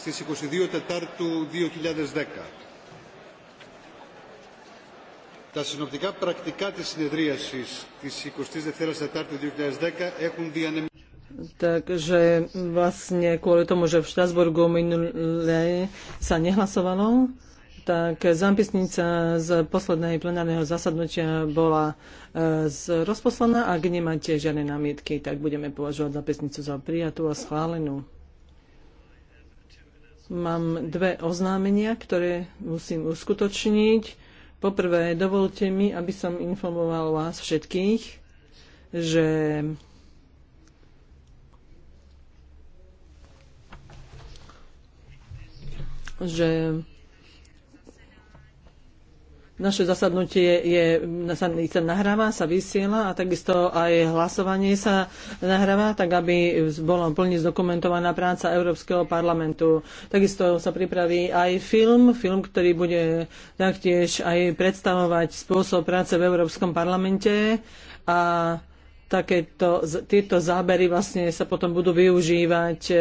στις 22 Τετάρτου 2010. Τα συνοπτικά πρακτικά της συνεδρίασης της 22 Τετάρτου 2010 έχουν διανεμηθεί. Takže vlastne kvôli tomu, že v Štrasburgu minule sa nehlasovalo, tak zápisnica z posledného plenárneho zasadnutia bola e, rozposlaná. Ak nemáte žiadne námietky, tak budeme považovať zápisnicu za prijatú a schválenú. Mám dve oznámenia, ktoré musím uskutočniť. Poprvé, dovolte mi, aby som informoval vás všetkých, že že naše zasadnutie je, sa nahráva, sa vysiela a takisto aj hlasovanie sa nahráva, tak aby bola plne zdokumentovaná práca Európskeho parlamentu. Takisto sa pripraví aj film, film, ktorý bude taktiež aj predstavovať spôsob práce v Európskom parlamente a takéto, tieto zábery vlastne sa potom budú využívať e,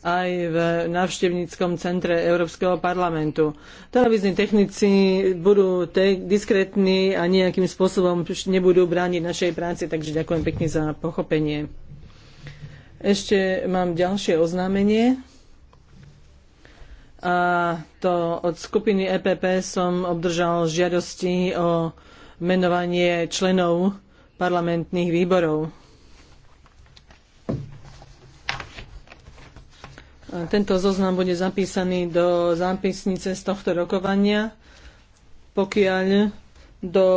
aj v návštevníckom centre Európskeho parlamentu. Televízni technici budú te- diskrétni a nejakým spôsobom nebudú brániť našej práci, takže ďakujem pekne za pochopenie. Ešte mám ďalšie oznámenie. A to od skupiny EPP som obdržal žiadosti o menovanie členov parlamentných výborov. Tento zoznam bude zapísaný do zápisnice z tohto rokovania, pokiaľ do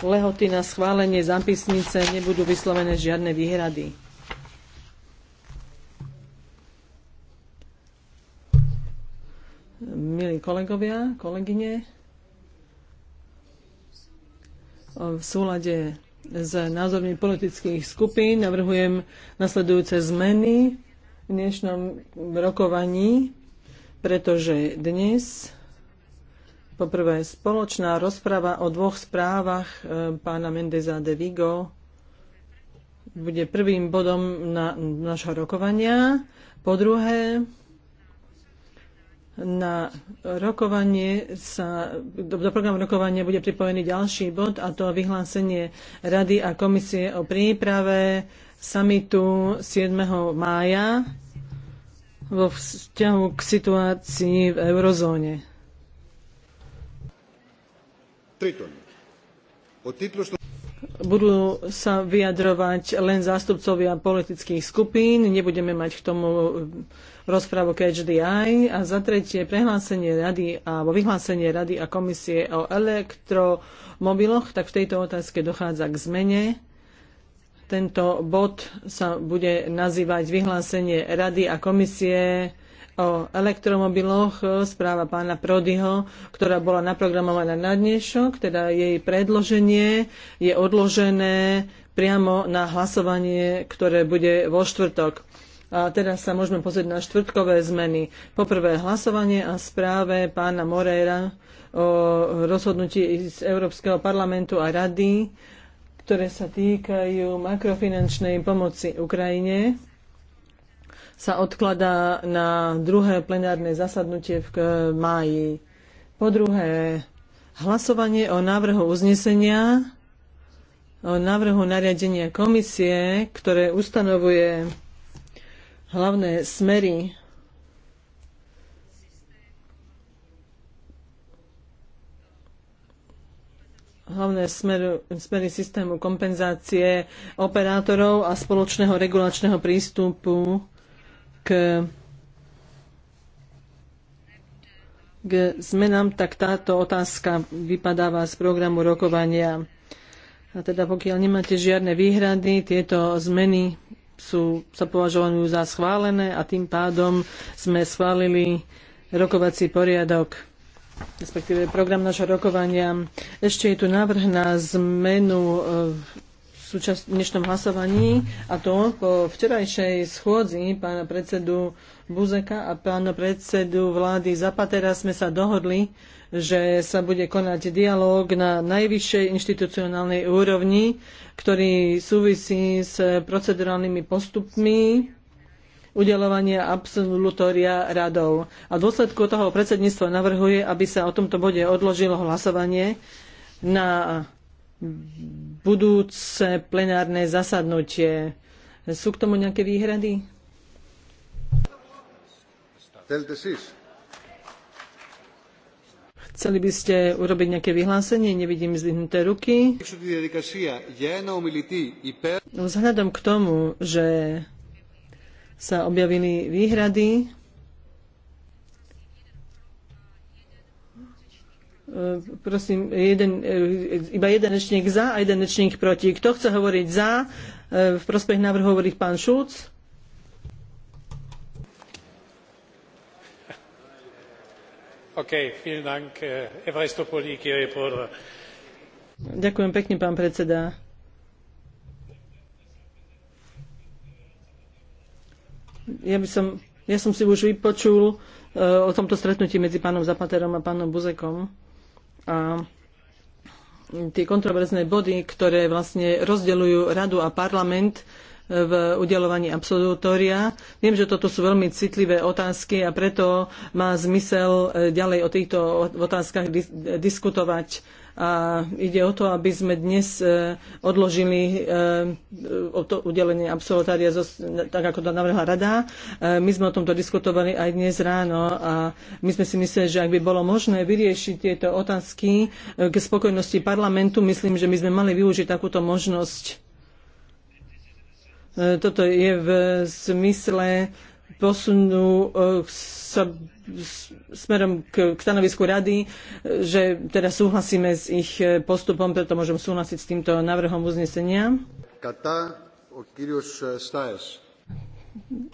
lehoty na schválenie zápisnice nebudú vyslovené žiadne výhrady. Milí kolegovia, kolegyne, v súlade s názormi politických skupín navrhujem nasledujúce zmeny v dnešnom rokovaní, pretože dnes poprvé spoločná rozprava o dvoch správach e, pána Mendeza de Vigo bude prvým bodom na, našho rokovania. Po druhé, na rokovanie sa, do, do programu rokovania bude pripojený ďalší bod a to vyhlásenie Rady a komisie o príprave samitu 7. mája vo vzťahu k situácii v eurozóne. Budú sa vyjadrovať len zástupcovia politických skupín, nebudeme mať k tomu rozprávu HDI a za tretie prehlásenie rady alebo vyhlásenie rady a komisie o elektromobiloch, tak v tejto otázke dochádza k zmene. Tento bod sa bude nazývať vyhlásenie rady a komisie o elektromobiloch, správa pána Prodyho, ktorá bola naprogramovaná na dnešok, teda jej predloženie je odložené priamo na hlasovanie, ktoré bude vo štvrtok. A teraz sa môžeme pozrieť na štvrtkové zmeny. Poprvé hlasovanie a správe pána Moreira o rozhodnutí z Európskeho parlamentu a rady, ktoré sa týkajú makrofinančnej pomoci Ukrajine sa odkladá na druhé plenárne zasadnutie v máji. Po druhé, hlasovanie o návrhu uznesenia, o návrhu nariadenia komisie, ktoré ustanovuje hlavné smery hlavné smer, smery systému kompenzácie operátorov a spoločného regulačného prístupu k, k zmenám, tak táto otázka vypadáva z programu rokovania. A teda pokiaľ nemáte žiadne výhrady, tieto zmeny sú, sa považovanú za schválené a tým pádom sme schválili rokovací poriadok respektíve program našho rokovania. Ešte je tu návrh na zmenu e, v súčas- dnešnom hlasovaní a to po včerajšej schôdzi pána predsedu Buzeka a pána predsedu vlády Zapatera sme sa dohodli, že sa bude konať dialóg na najvyššej inštitucionálnej úrovni, ktorý súvisí s procedurálnymi postupmi udelovania absolutória radov. A v dôsledku toho predsedníctvo navrhuje, aby sa o tomto bode odložilo hlasovanie na budúce plenárne zasadnutie. Sú k tomu nejaké výhrady? Θέλετε Chceli by ste urobiť nejaké vyhlásenie? Nevidím zdvihnuté ruky. No, vzhľadom k tomu, že sa objavili výhrady, e, prosím, jeden, e, iba jeden rečník za a jeden rečník proti. Kto chce hovoriť za? E, v prospech návrhu hovorí pán Šúc. Eh, eh. Ďakujem pekne, pán predseda. Ja, som, si už vypočul eh, o tomto stretnutí medzi pánom Zapaterom a pánom Buzekom. A tie kontroverzné body, ktoré vlastne rozdeľujú radu a parlament, uh, v udelovaní absolutória. Viem, že toto sú veľmi citlivé otázky a preto má zmysel e, ďalej o týchto otázkach diskutovať a ide o to, aby sme dnes e, odložili e, to udelenie absolutária tak, ako to navrhla rada. My sme o tomto diskutovali aj dnes ráno a my sme si mysleli, že ak by bolo možné vyriešiť tieto otázky k spokojnosti parlamentu, myslím, že my sme mali využiť takúto možnosť E, toto je v zmysle posunú e, sa smerom k, k stanovisku rady, e, že teda súhlasíme s ich postupom, preto môžem súhlasiť s týmto návrhom uznesenia. Kata, o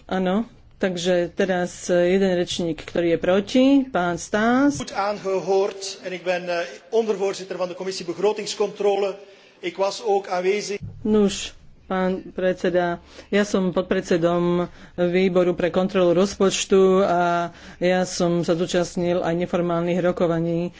Áno, takže teraz jeden rečník, ktorý je proti, pán Stas. Goed aangehoord en ik ben ondervoorzitter van de commissie begrotingscontrole. Ik was ook aanwezig. Nuž, pán predseda. Ja som podpredsedom výboru pre kontrolu rozpočtu a ja som sa zúčastnil aj neformálnych rokovaní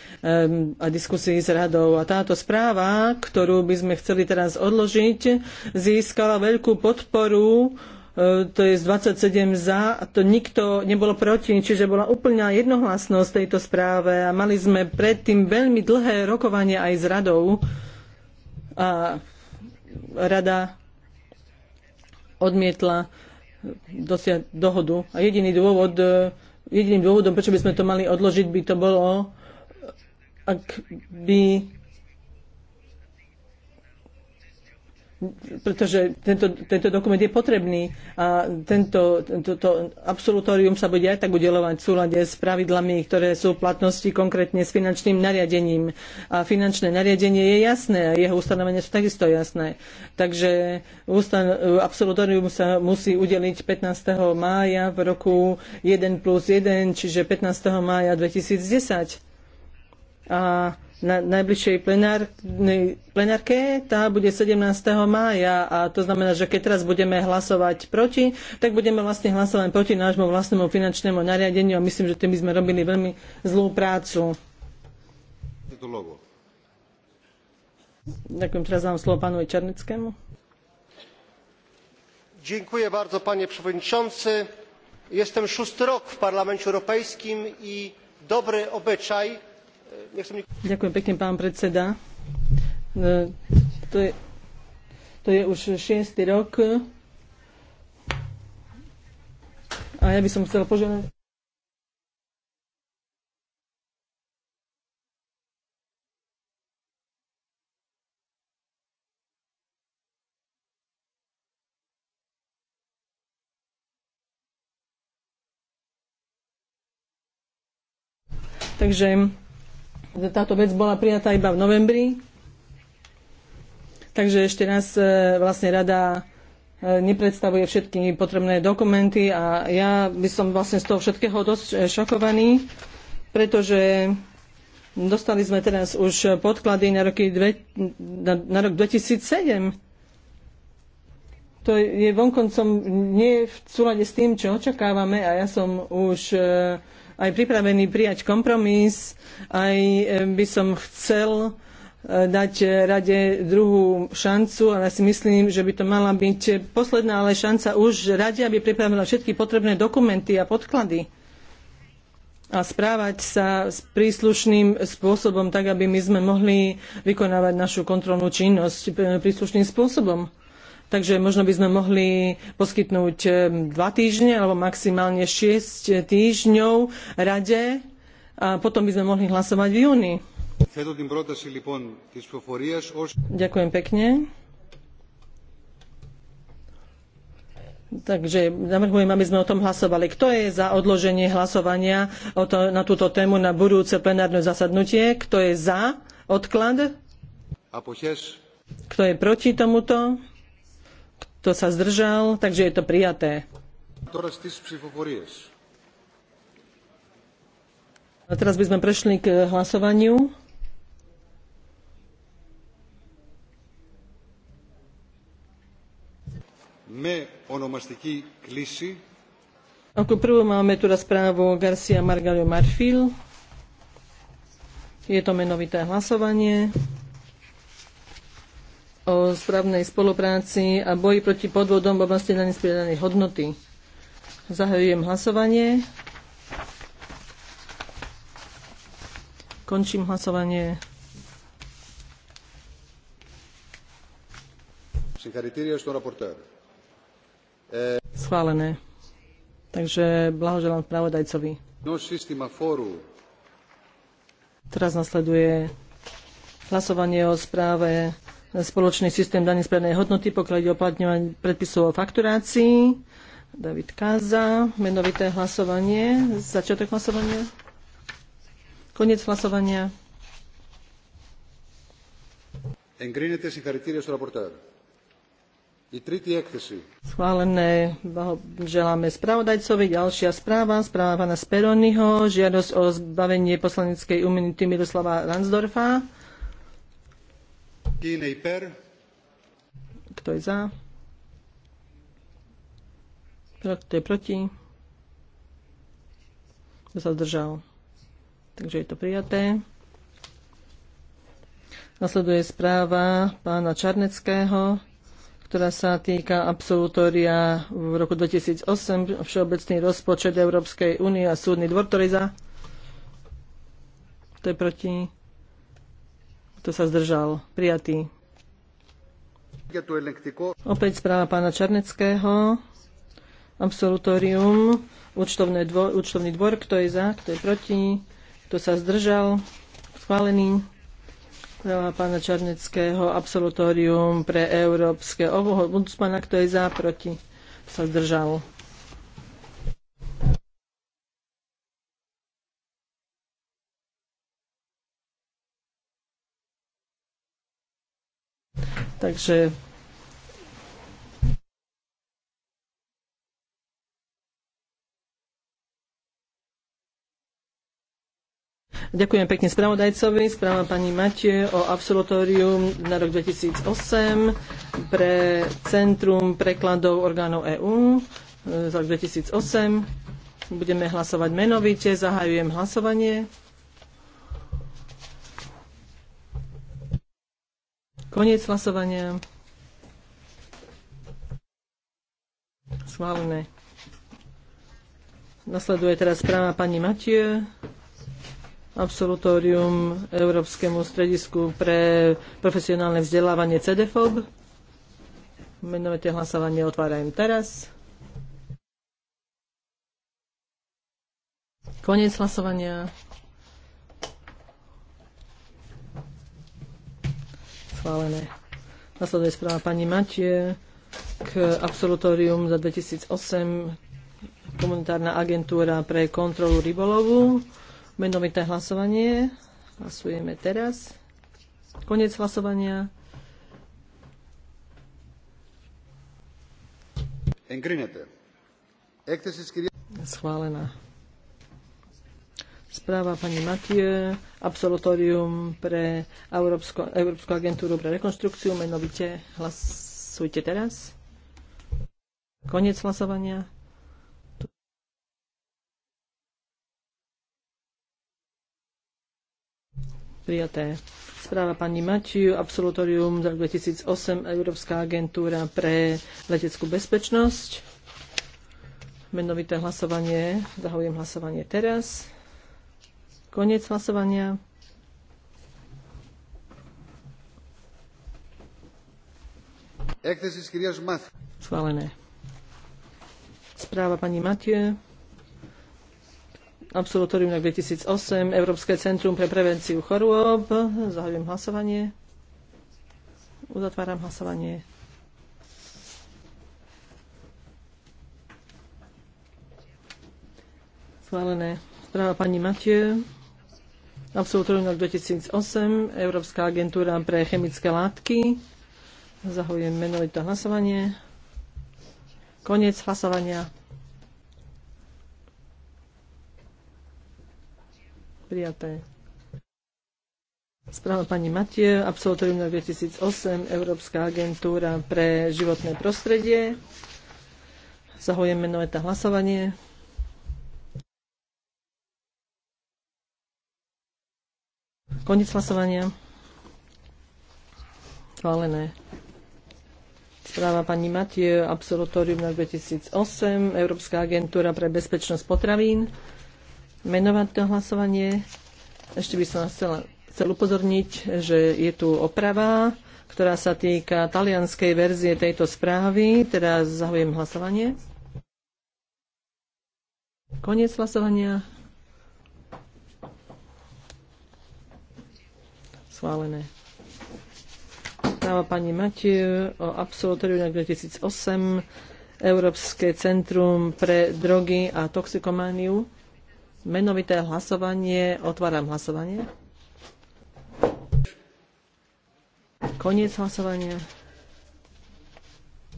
a diskusí s radou. A táto správa, ktorú by sme chceli teraz odložiť, získala veľkú podporu e, to je z 27 za a to nikto nebolo proti, čiže bola úplná jednohlasnosť tejto správe a mali sme predtým veľmi dlhé rokovanie aj s radou a rada odmietla dosiať dohodu. A jediný dôvod, e, jediným dôvodom, prečo by sme to mali odložiť, by to bolo, ak by pretože tento, tento dokument je potrebný a tento, tento to absolutórium sa bude aj tak udelovať v súlade s pravidlami, ktoré sú v platnosti konkrétne s finančným nariadením. A finančné nariadenie je jasné a jeho ustanovenia sú takisto jasné. Takže ústan, absolutórium sa musí udeliť 15. mája v roku 1 plus 1, čiže 15. mája 2010. A na najbližšej plenárke. Tá bude 17. mája a to znamená, že keď teraz budeme hlasovať proti, tak budeme vlastne hlasovať proti nášmu vlastnému finančnému nariadeniu a myslím, že tým by sme robili veľmi zlú prácu. Ďakujem, teraz dám slovo pánovi Černickému. Dziękuję bardzo panie przewodniczący. Jestem szósty rok w Parlamencie Europejskim i dobry obyczaj Ďakujem pekne, pán predseda. E, to je, to je už šiestý rok. A ja by som chcela požiadať. Takže táto vec bola prijatá iba v novembri. Takže ešte raz e, vlastne rada e, nepredstavuje všetky potrebné dokumenty a ja by som vlastne z toho všetkého dosť e, šokovaný, pretože dostali sme teraz už podklady na, roky dve, na, na rok 2007. To je vonkoncom nie v súlade s tým, čo očakávame a ja som už aj pripravený prijať kompromis, aj eh, by som chcel eh, dať rade druhú šancu, ale si myslím, že by to mala byť posledná ale šanca už rade, aby pripravila všetky potrebné dokumenty a podklady a správať sa s príslušným spôsobom, tak aby my sme mohli vykonávať našu kontrolnú činnosť eh, príslušným spôsobom takže možno by sme mohli poskytnúť eh, dva týždne alebo maximálne 6 týždňov rade a potom by sme mohli hlasovať v júni. Ďakujem pekne. Takže navrhujem, aby sme o tom hlasovali. Kto je za odloženie hlasovania to, na túto tému na budúce plenárne zasadnutie? Kto je za odklad? Kto je proti tomuto? kto sa zdržal, takže je to prijaté. A teraz by sme prešli k hlasovaniu. Ako prvú máme tu teda správu Garcia Margalio Marfil. Je to menovité hlasovanie o správnej spolupráci a boji proti podvodom v oblasti daní z pridanej hodnoty. Zahajujem hlasovanie. Končím hlasovanie. Eh, Schválené. Takže blahoželám spravodajcovi. No Teraz nasleduje hlasovanie o správe spoločný systém daní z prednej hodnoty, pokiaľ ide o platňovanie predpisov o fakturácii. David Káza, menovité hlasovanie, začiatok hlasovania, koniec hlasovania. Εγκρίνεται συγχαρητήρια στο ραπορτάρ. Schválené, želáme spravodajcovi. Ďalšia správa, správa pána Speroniho, žiadosť o zbavenie poslaneckej imunity Miroslava Ransdorfa. Kto je za? Kto je proti? Kto sa zdržal? Takže je to prijaté. Nasleduje správa pána Čarneckého, ktorá sa týka absolutória v roku 2008, Všeobecný rozpočet Európskej únie a súdny dvor, ktorý za. To je proti. Kto sa zdržal? Prijatý. Opäť správa pána Čarneckého. absolutorium, Účtovné dvor, účtovný dvor. Kto je za? Kto je proti? Kto sa zdržal? Schválený. Správa pána Čarneckého. absolutorium pre európske ovoho. Kto je za? Proti? Kto sa zdržal? Takže Ďakujem pekne spravodajcovi. Správa pani Matie o absolutórium na rok 2008 pre Centrum prekladov orgánov EÚ e, za rok 2008. Budeme hlasovať menovite. Zahajujem hlasovanie. Koniec hlasovania. Schválené. Nasleduje teraz správa pani Matie. Absolutórium Európskemu stredisku pre profesionálne vzdelávanie CDFOB. Menovité hlasovanie otváram teraz. Koniec hlasovania. schválené. Nasleduje správa pani Matie k absolutórium za 2008 komunitárna agentúra pre kontrolu rybolovu. Menovité hlasovanie. Hlasujeme teraz. Konec hlasovania. Schválená. Správa pani Matie, absolutorium pre Európsko, Európsku agentúru pre rekonstrukciu, menovite hlasujte teraz. Konec hlasovania. prijaté. Správa pani Matiu, absolutorium za 2008, Európska agentúra pre leteckú bezpečnosť. Menovité hlasovanie, Zahujem hlasovanie teraz. Koniec hlasovania. Schválené. Správa pani Matie. Absolutorium na 2008. Európske centrum pre prevenciu chorôb. Zahajujem hlasovanie. Uzatváram hlasovanie. Schválené. Správa pani Matie absolutorium 2008, Európska agentúra pre chemické látky. Zahojujem menovité hlasovanie. Koniec hlasovania. Prijaté. Správa pani Matie, absolutorium 2008, Európska agentúra pre životné prostredie. Zahojem menovité hlasovanie. Koniec hlasovania. Chválené. Správa pani Matie, absolutorium na 2008, Európska agentúra pre bezpečnosť potravín. Menovať to hlasovanie. Ešte by som chcela, chcel upozorniť, že je tu oprava, ktorá sa týka talianskej verzie tejto správy. Teraz zahujem hlasovanie. Koniec hlasovania. Schválené. Správa pani Matiu o absolutoriu na 2008 Európske centrum pre drogy a toxikomániu. Menovité hlasovanie. Otváram hlasovanie. Koniec hlasovania.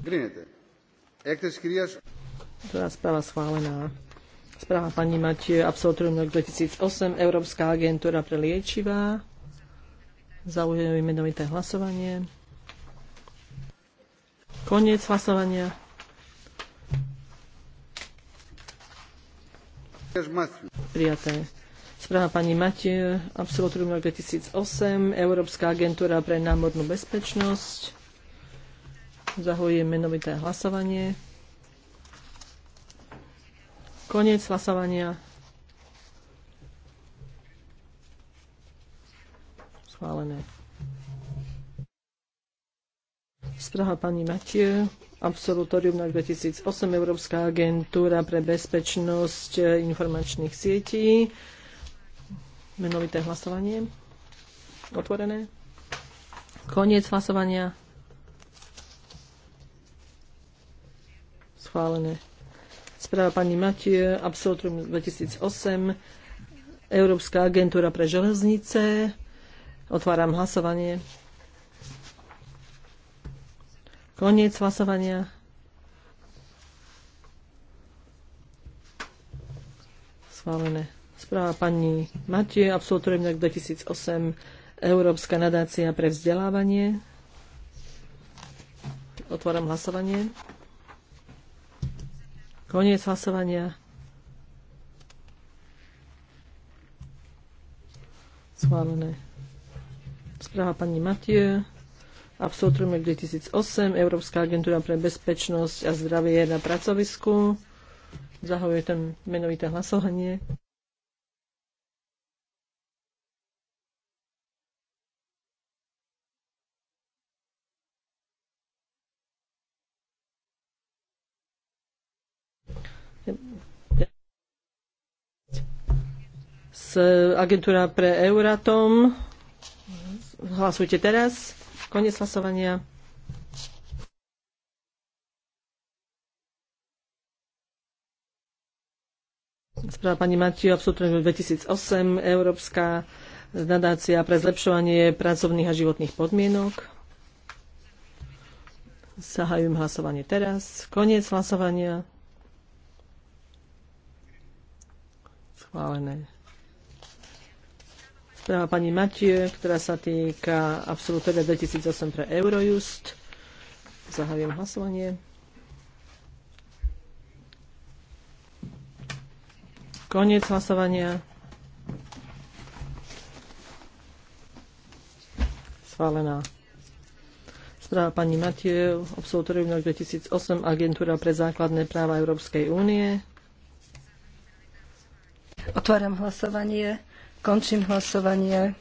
Grinete. Έκθεση κυρίας... správa schválená. Správa pani Matiu, absolutorium rok 2008, Európska agentúra pre liečivá. Zaujíme menovité hlasovanie. Koniec hlasovania. Prijaté. Správa pani Matie, absolutorium 2008, Európska agentúra pre námornú bezpečnosť. Zahujem menovité hlasovanie. Koniec hlasovania. Schválené. Spraha pani Matie, absolutorium na 2008, Európska agentúra pre bezpečnosť e, informačných sietí. Menovité hlasovanie. Otvorené. Koniec hlasovania. Schválené. Správa pani Matie, absolutorium 2008, Európska agentúra pre železnice. Otváram hlasovanie. Koniec hlasovania. Schválené. Správa pani Matie, absolutorium 2008, Európska nadácia pre vzdelávanie. Otváram hlasovanie. Koniec hlasovania. Schválené. Správa pani Matie. Absolutrium 2008, Európska agentúra pre bezpečnosť a zdravie na pracovisku. Zahajuje tam menovité hlasovanie. agentúra pre Euratom Hlasujte teraz. Konec hlasovania. Správa pani Matiu, absolútne 2008, Európska nadácia pre zlepšovanie pracovných a životných podmienok. Zahajujem hlasovanie teraz. Koniec hlasovania. Schválené správa pani Matie, ktorá sa týka absolutória 2008 pre Eurojust. Zahajujem hlasovanie. Koniec hlasovania. Schválená. Správa pani Matiev, absolutorium 2008, Agentúra pre základné práva Európskej únie. Otváram hlasovanie. Končím hlasovanie.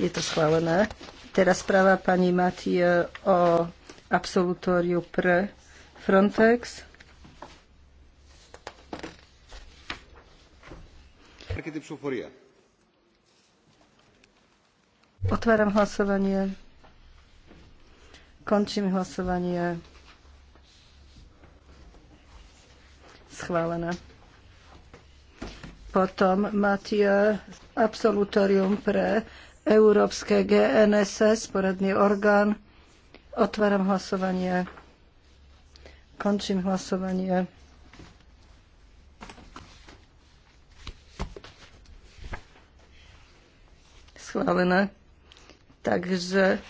Je to schválené. Teraz správa pani Matie o absolutóriu pre Frontex. Otváram hlasovanie. Končím hlasovanie. schválená. Potom Matie absolutorium pre Európske GNSS, poradný orgán. Otváram hlasovanie. Končím hlasovanie. Schválené. Takže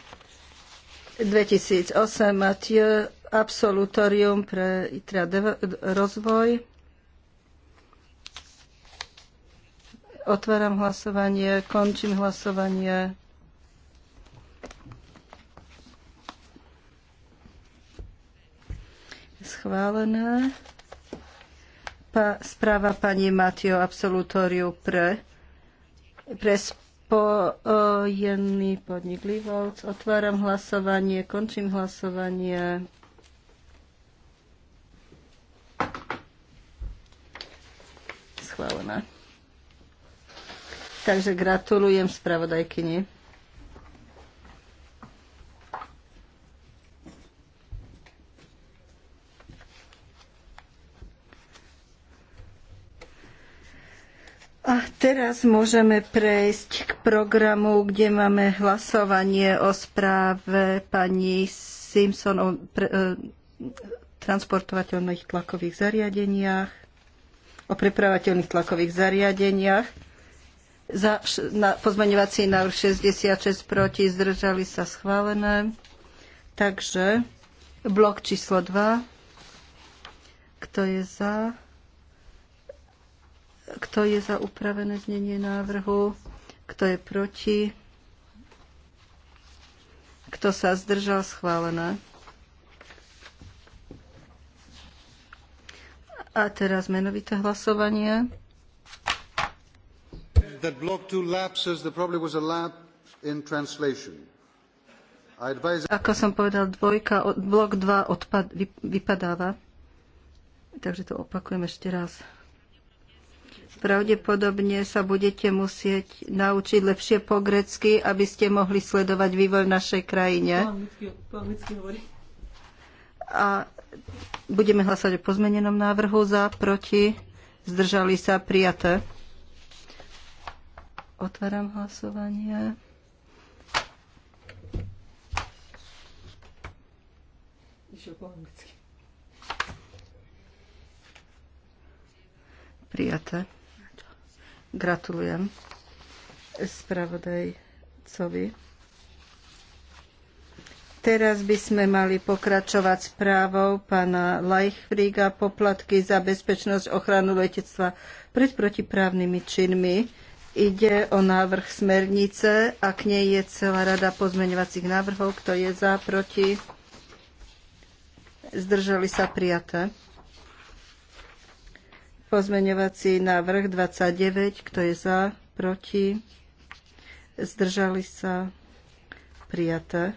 2008 Mathieu absolutorium pre teda rozvoj. Otváram hlasovanie, končím hlasovanie. Schválené. Pa, správa pani Matio absolutóriu pre, pre spojený podnik Livovc. Otváram hlasovanie, končím hlasovanie. schválená. Takže gratulujem spravodajkyni. A teraz môžeme prejsť k programu, kde máme hlasovanie o správe pani Simpson o e, transportovateľných tlakových zariadeniach o prepravateľných tlakových zariadeniach. Za na pozmeňovací návrh 66 proti, zdržali sa schválené. Takže blok číslo 2. Kto je za? Kto je za upravené znenie návrhu? Kto je proti? Kto sa zdržal schválené? A teraz menovité hlasovanie. That block two lapses, was a lap in translation. Advise... Ako som povedal, dvojka, blok 2 odpad, vypadáva. Takže to opakujem ešte raz. Pravdepodobne sa budete musieť naučiť lepšie po grecky, aby ste mohli sledovať vývoj v našej krajine. Po anglicky, po anglicky hovorí. A budeme hlasovať o pozmenenom návrhu za, proti, zdržali sa, prijaté. Otváram hlasovanie. Prijaté. Gratulujem spravodajcovi. Teraz by sme mali pokračovať správou pána Leichfriga poplatky za bezpečnosť ochranu letectva pred protiprávnymi činmi. Ide o návrh smernice a k nej je celá rada pozmeňovacích návrhov. Kto je za, proti? Zdržali sa prijaté. Pozmeňovací návrh 29. Kto je za, proti? Zdržali sa prijaté.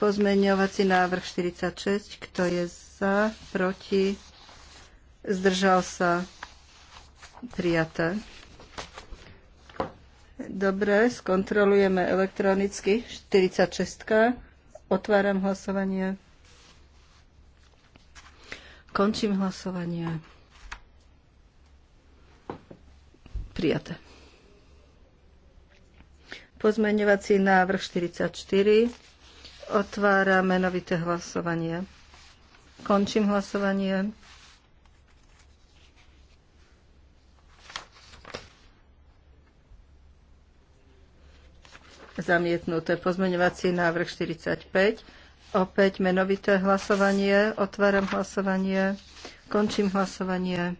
Pozmeňovací návrh 46. Kto je za? Proti? Zdržal sa? Prijaté. Dobre, skontrolujeme elektronicky. 46. Otváram hlasovanie. Končím hlasovanie. Prijaté. Pozmeňovací návrh 44 otvára menovité hlasovanie. Končím hlasovanie. Zamietnuté pozmeňovací návrh 45. Opäť menovité hlasovanie. Otváram hlasovanie. Končím hlasovanie.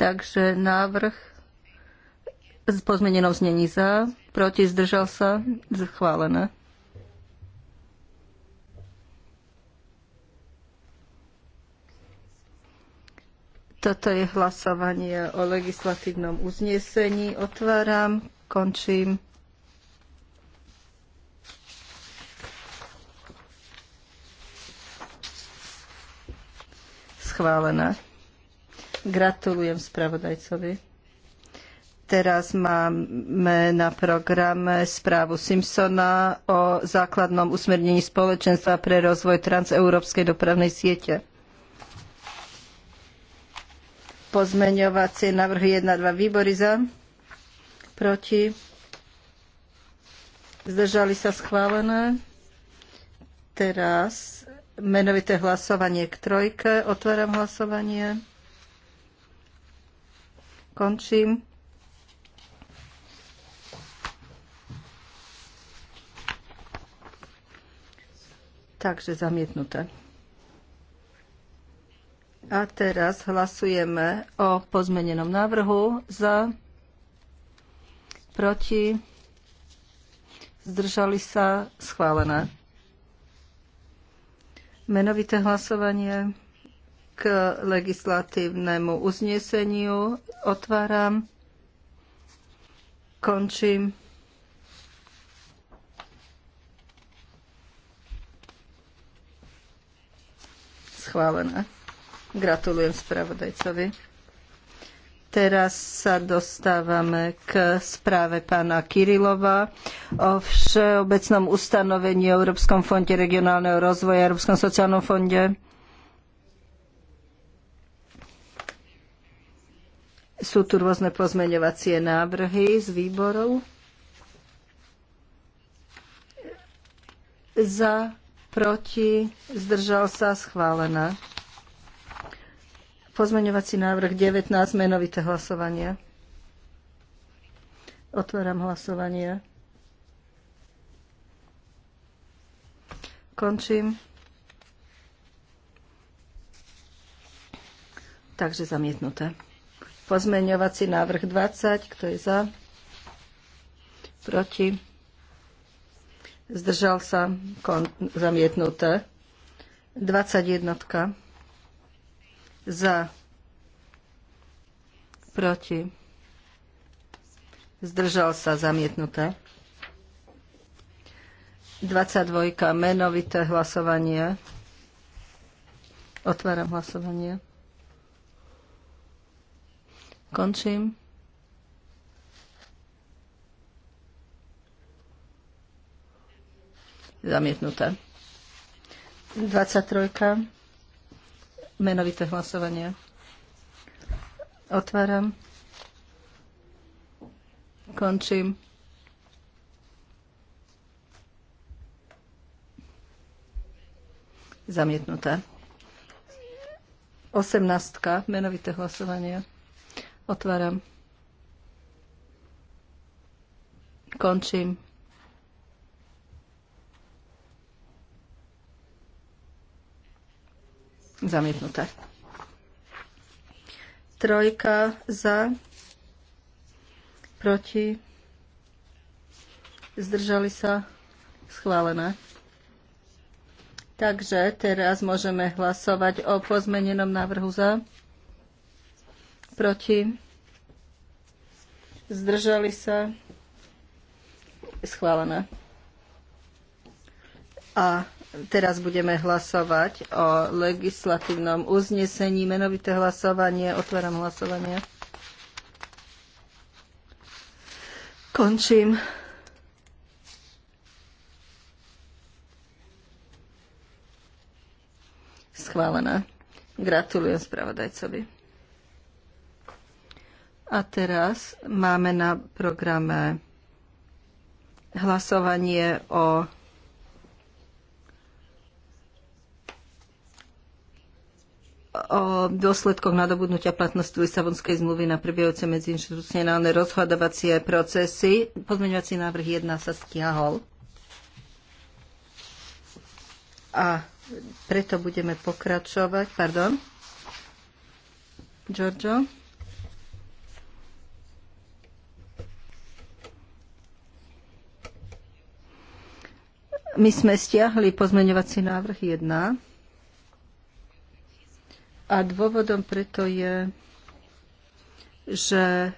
Takže návrh s pozmenenou znení za, proti zdržal sa, zchválené. Toto je hlasovanie o legislatívnom uznesení. Otváram, končím. Schválené. Gratulujem spravodajcovi. Teraz máme na programe správu Simpsona o základnom usmernení spoločenstva pre rozvoj transeurópskej dopravnej siete. Pozmeňovacie navrhy 1 2 výbory za, proti, zdržali sa schválené. Teraz menovité hlasovanie k trojke. Otváram hlasovanie. Končím. Takže zamietnuté. A teraz hlasujeme o pozmenenom návrhu za, proti, zdržali sa, schválené. Menovité hlasovanie k legislatívnemu uzneseniu. Otváram. Končím. Schválené. Gratulujem spravodajcovi. Teraz sa dostávame k správe pána Kirilova o všeobecnom ustanovení Európskom fonde regionálneho rozvoja, Európskom sociálnom fonde. Sú tu rôzne pozmeňovacie návrhy z výborov. Za, proti, zdržal sa, schválená. Pozmeňovací návrh 19, menovité hlasovanie. Otváram hlasovanie. Končím. Takže zamietnuté. Pozmeňovací návrh 20. Kto je za? Proti? Zdržal sa? Kon- zamietnuté. 21. Za? Proti? Zdržal sa? Zamietnuté. 22. Menovité hlasovanie. Otváram hlasovanie. Končím. Zamietnuté. 23. Menovité hlasovanie. Otváram. Končím. Zamietnuté. 18. Menovité hlasovanie. Otváram. Končím. Zamietnuté. Trojka za, proti, zdržali sa, schválené. Takže teraz môžeme hlasovať o pozmenenom návrhu za proti, zdržali sa, schválené. A teraz budeme hlasovať o legislatívnom uznesení, menovité hlasovanie, otváram hlasovanie. Končím. Schválené. Gratulujem spravodajcovi. A teraz máme na programe hlasovanie o o dôsledkoch nadobudnutia platnosti Lisabonskej zmluvy na prebiehajúce medziinstitucionálne rozhodovacie procesy. Pozmeňovací návrh 1 sa stiahol. A preto budeme pokračovať. Pardon. Giorgio? my sme stiahli pozmeňovací návrh 1 a dôvodom preto je, že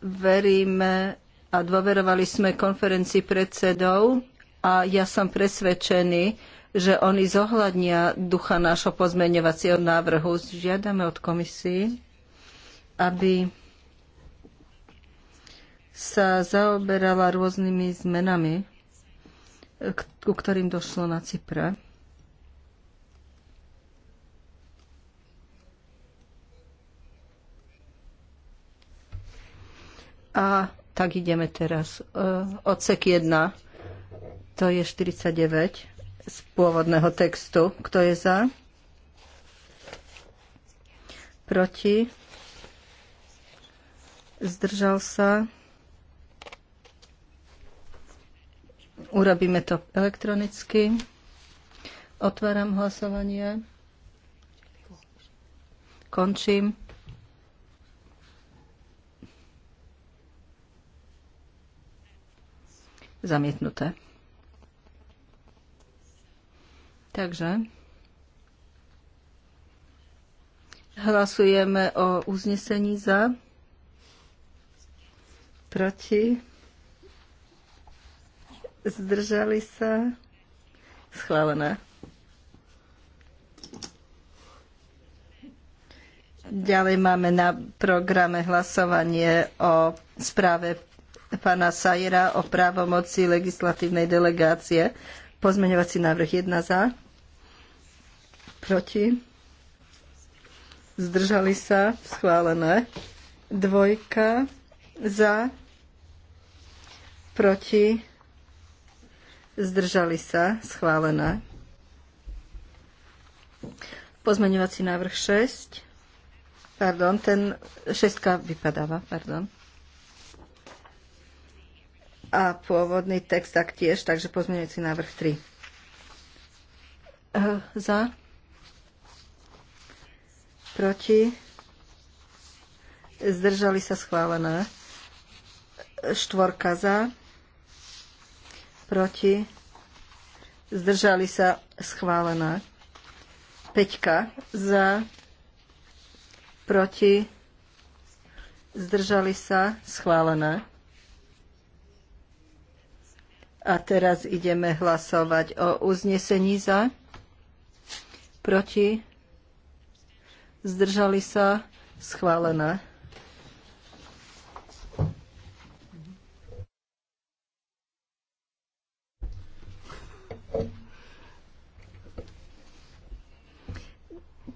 veríme a dôverovali sme konferencii predsedov a ja som presvedčený, že oni zohľadnia ducha nášho pozmeňovacieho návrhu. Žiadame od komisii, aby sa zaoberala rôznymi zmenami ku ktorým došlo na Cypre. A tak ideme teraz. E, odsek 1, to je 49 z pôvodného textu. Kto je za? Proti? Zdržal sa? Urobíme to elektronicky. Otváram hlasovanie. Končím. Zamietnuté. Takže hlasujeme o uznesení za, proti, zdržali sa, schválené. Ďalej máme na programe hlasovanie o správe pána Sajera o právomoci legislatívnej delegácie. Pozmeňovací návrh 1 za. Proti. Zdržali sa. Schválené. Dvojka za. Proti zdržali sa, schválené. Pozmeňovací návrh 6, pardon, ten 6 vypadáva, pardon. A pôvodný text taktiež, takže pozmeňujúci návrh 3. Uh, za? Proti? Zdržali sa schválené. Štvorka za proti, zdržali sa schválená. Peťka za, proti, zdržali sa schválená. A teraz ideme hlasovať o uznesení za, proti, zdržali sa schválená.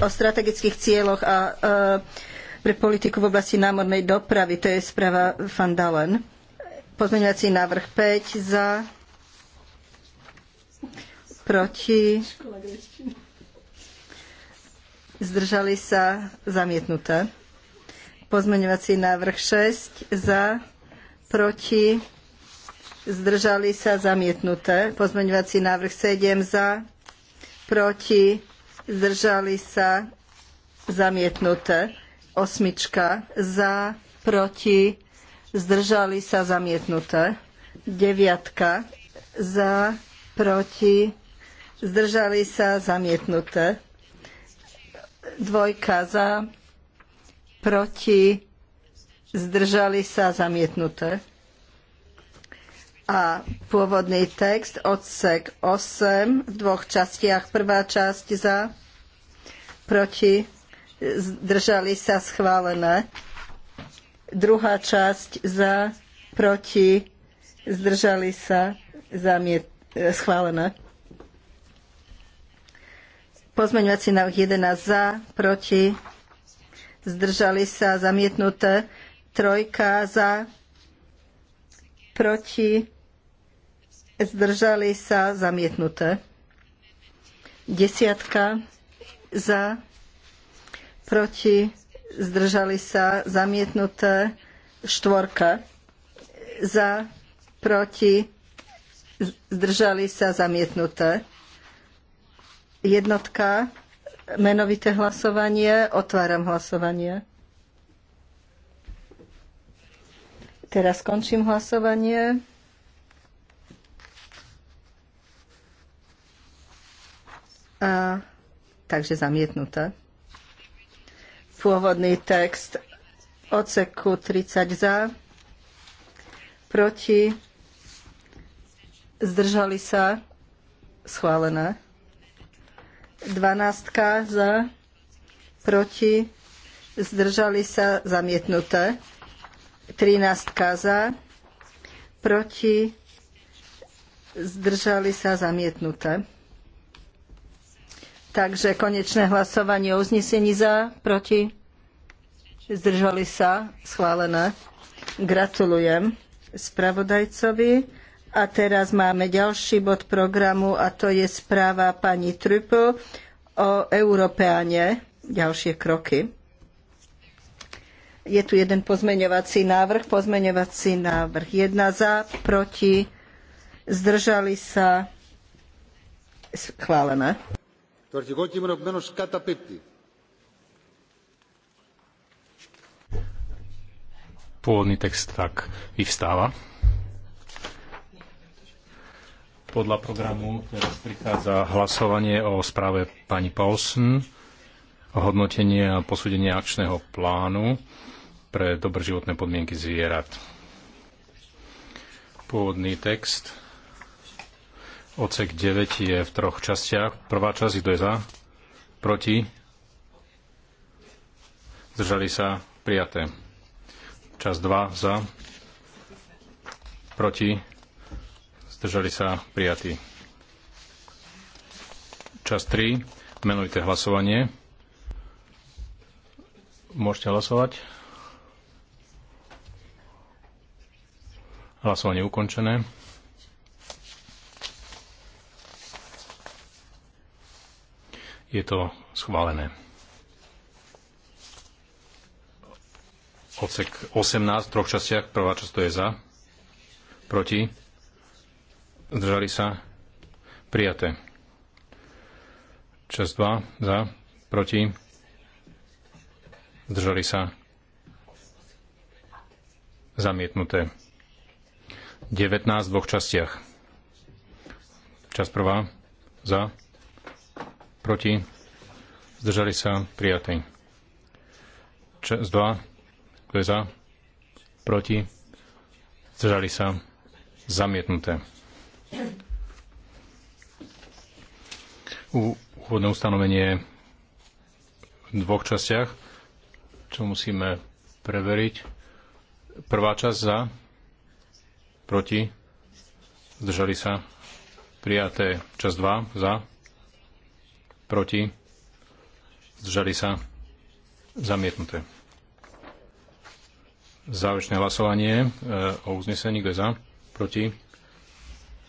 o strategických cieľoch a e, pre politiku v oblasti námornej dopravy. To je správa Van Dalen. Pozmeňovací návrh 5 za, proti, zdržali sa, zamietnuté. Pozmeňovací návrh 6 za, proti, zdržali sa, zamietnuté. Pozmeňovací návrh 7 za, proti, zdržali sa, zamietnuté. Osmička za, proti, zdržali sa, zamietnuté. Deviatka za, proti, zdržali sa, zamietnuté. Dvojka za, proti, zdržali sa, zamietnuté a pôvodný text, odsek 8 v dvoch častiach. Prvá časť za, proti, zdržali sa schválené. Druhá časť za, proti, zdržali sa zamiet, schválené. Pozmeňovací návrh 11 za, proti, zdržali sa zamietnuté. Trojka za, proti, zdržali sa zamietnuté. Desiatka za, proti, zdržali sa zamietnuté. Štvorka za, proti, zdržali sa zamietnuté. Jednotka, menovité hlasovanie, otváram hlasovanie. Teraz končím hlasovanie. A, takže zamietnuté. Pôvodný text oceku 30 za, proti, zdržali sa, schválené. 12 za, proti, zdržali sa, zamietnuté. 13 za, proti, zdržali sa, zamietnuté. Takže konečné hlasovanie o uznesení za, proti, zdržali sa, schválené. Gratulujem spravodajcovi. A teraz máme ďalší bod programu a to je správa pani Trüppel o Európeane. Ďalšie kroky. Je tu jeden pozmeňovací návrh. Pozmeňovací návrh Jedna za, proti, zdržali sa, schválené. Το κείμενο καταπίπτει. Pôvodný text tak vyvstáva. Podľa programu teraz prichádza hlasovanie o správe pani Paulsen, hodnotenie a posúdenie akčného plánu pre dobré životné podmienky zvierat. Pôvodný text Ocek 9 je v troch častiach. Prvá časť, kto je za? Proti? Zdržali sa? Prijaté. Čas 2 za? Proti? Zdržali sa? Prijatí. Čas 3. Menujte hlasovanie. Môžete hlasovať. Hlasovanie ukončené. Je to schválené. Odsek 18 v troch častiach. Prvá časť to je za. Proti. Zdržali sa. Prijaté. Časť 2 za. Proti. Zdržali sa. Zamietnuté. 19 v dvoch častiach. Časť prvá. Za proti, zdržali sa, prijatý. Čas 2, kto je za, proti, zdržali sa, zamietnuté. U úvodné ustanovenie v dvoch častiach, čo musíme preveriť. Prvá časť za, proti, zdržali sa, prijaté časť 2 za, proti, zdržali sa, zamietnuté. Záverečné hlasovanie e, o uznesení, kto je za, proti,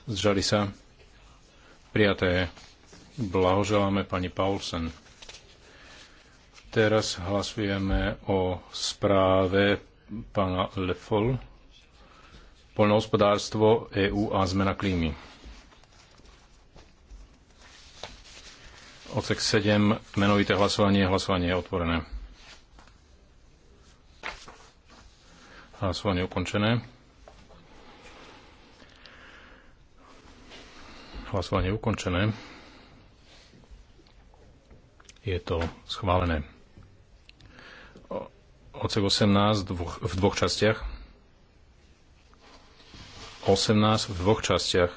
zdržali sa, prijaté. Blahoželáme pani Paulsen. Teraz hlasujeme o správe pána Lefol. Poľnohospodárstvo EÚ a zmena klímy. Odsek 7, menovité hlasovanie, hlasovanie je otvorené. Hlasovanie je ukončené. Hlasovanie je ukončené. Je to schválené. Odsek 18 v dvoch častiach. 18 v dvoch častiach.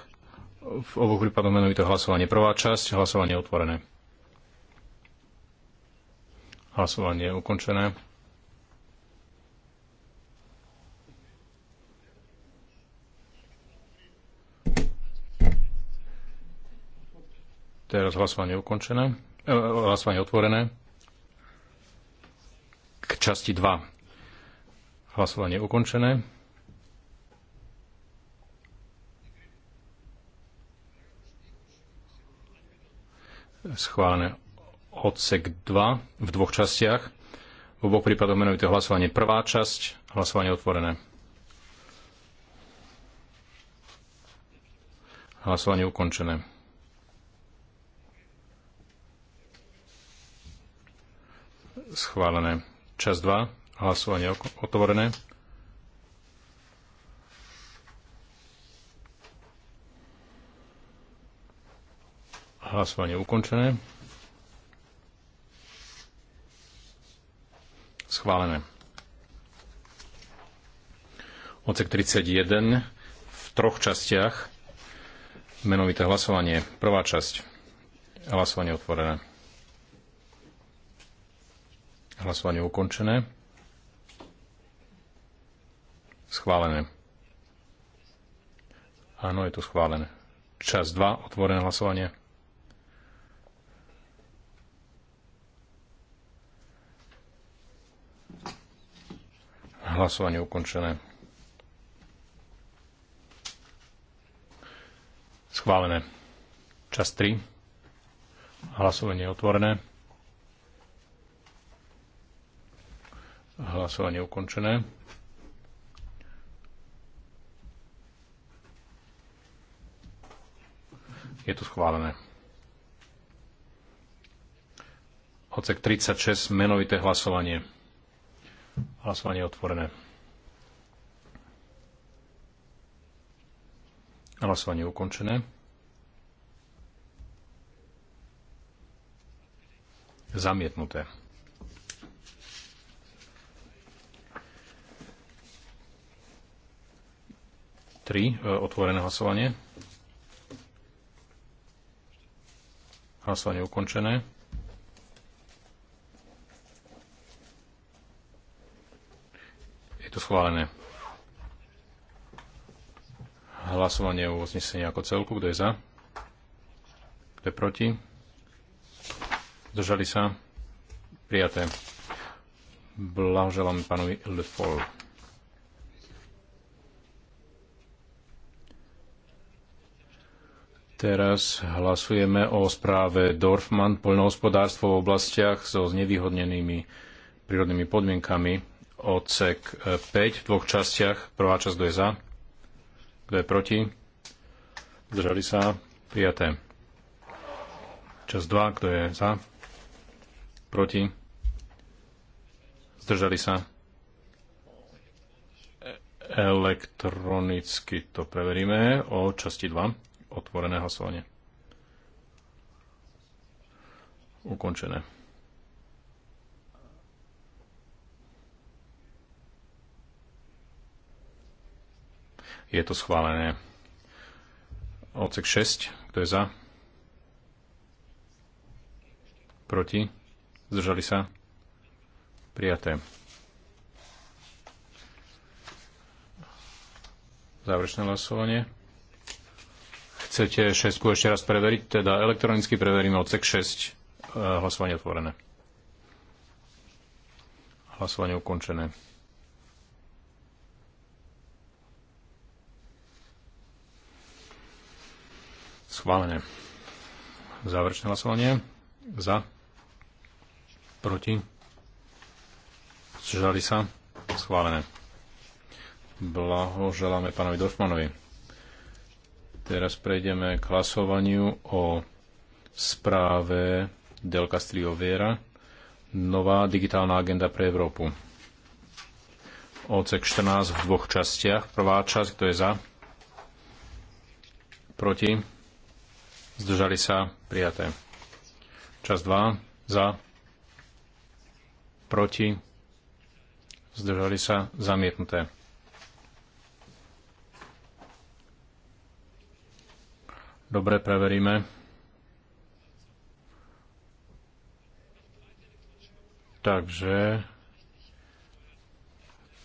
V oboch prípadoch menovité hlasovanie. Prvá časť, hlasovanie je otvorené. Hlasovanie je ukončené. Teraz hlasovanie je ukončené. E, hlasovanie je otvorené. K časti 2. Hlasovanie je ukončené. Schválené odsek 2 v dvoch častiach. V oboch prípadoch menovité hlasovanie prvá časť, hlasovanie otvorené. Hlasovanie ukončené. Schválené. Čas 2. Hlasovanie otvorené. Hlasovanie ukončené. Schválené. Odsek 31 v troch častiach. Menovité hlasovanie. Prvá časť. Hlasovanie otvorené. Hlasovanie ukončené. Schválené. Áno, je tu schválené. Čas 2, otvorené hlasovanie. Hlasovanie ukončené. Schválené. Čas 3. Hlasovanie otvorené. Hlasovanie ukončené. Je to schválené. Odsek 36, menovité hlasovanie. Hlasovanie je otvorené. Hlasovanie je ukončené. Zamietnuté. Tri. E, otvorené hlasovanie. Hlasovanie ukončené. to schválené. Hlasovanie o uznesení ako celku. Kto je za? Kto je proti? Zdržali sa? Prijaté. Blahoželám pánovi Le Foll. Teraz hlasujeme o správe Dorfman, poľnohospodárstvo v oblastiach so znevýhodnenými prírodnými podmienkami odsek 5 e, v dvoch častiach. Prvá časť, kto je za, kto je proti, zdržali sa, prijaté. Časť 2, kto je za, proti, zdržali sa. Elektronicky to preveríme o časti 2, otvorené hlasovanie. Ukončené. Je to schválené. Odsek 6. Kto je za? Proti? Zdržali sa? Prijaté. Záverečné hlasovanie. Chcete 6 ešte raz preveriť? Teda elektronicky preveríme odsek 6. E, hlasovanie otvorené. Hlasovanie ukončené. Schválené. Záverečné hlasovanie. Za. Proti. Zžali sa. Schválené. Blahoželáme pánovi Dorfmanovi. Teraz prejdeme k hlasovaniu o správe Del Castillo Vera Nová digitálna agenda pre Európu. Ocek 14 v dvoch častiach. Prvá časť, kto je za? Proti? zdržali sa, prijaté. Čas 2, za, proti, zdržali sa, zamietnuté. Dobre, preveríme. Takže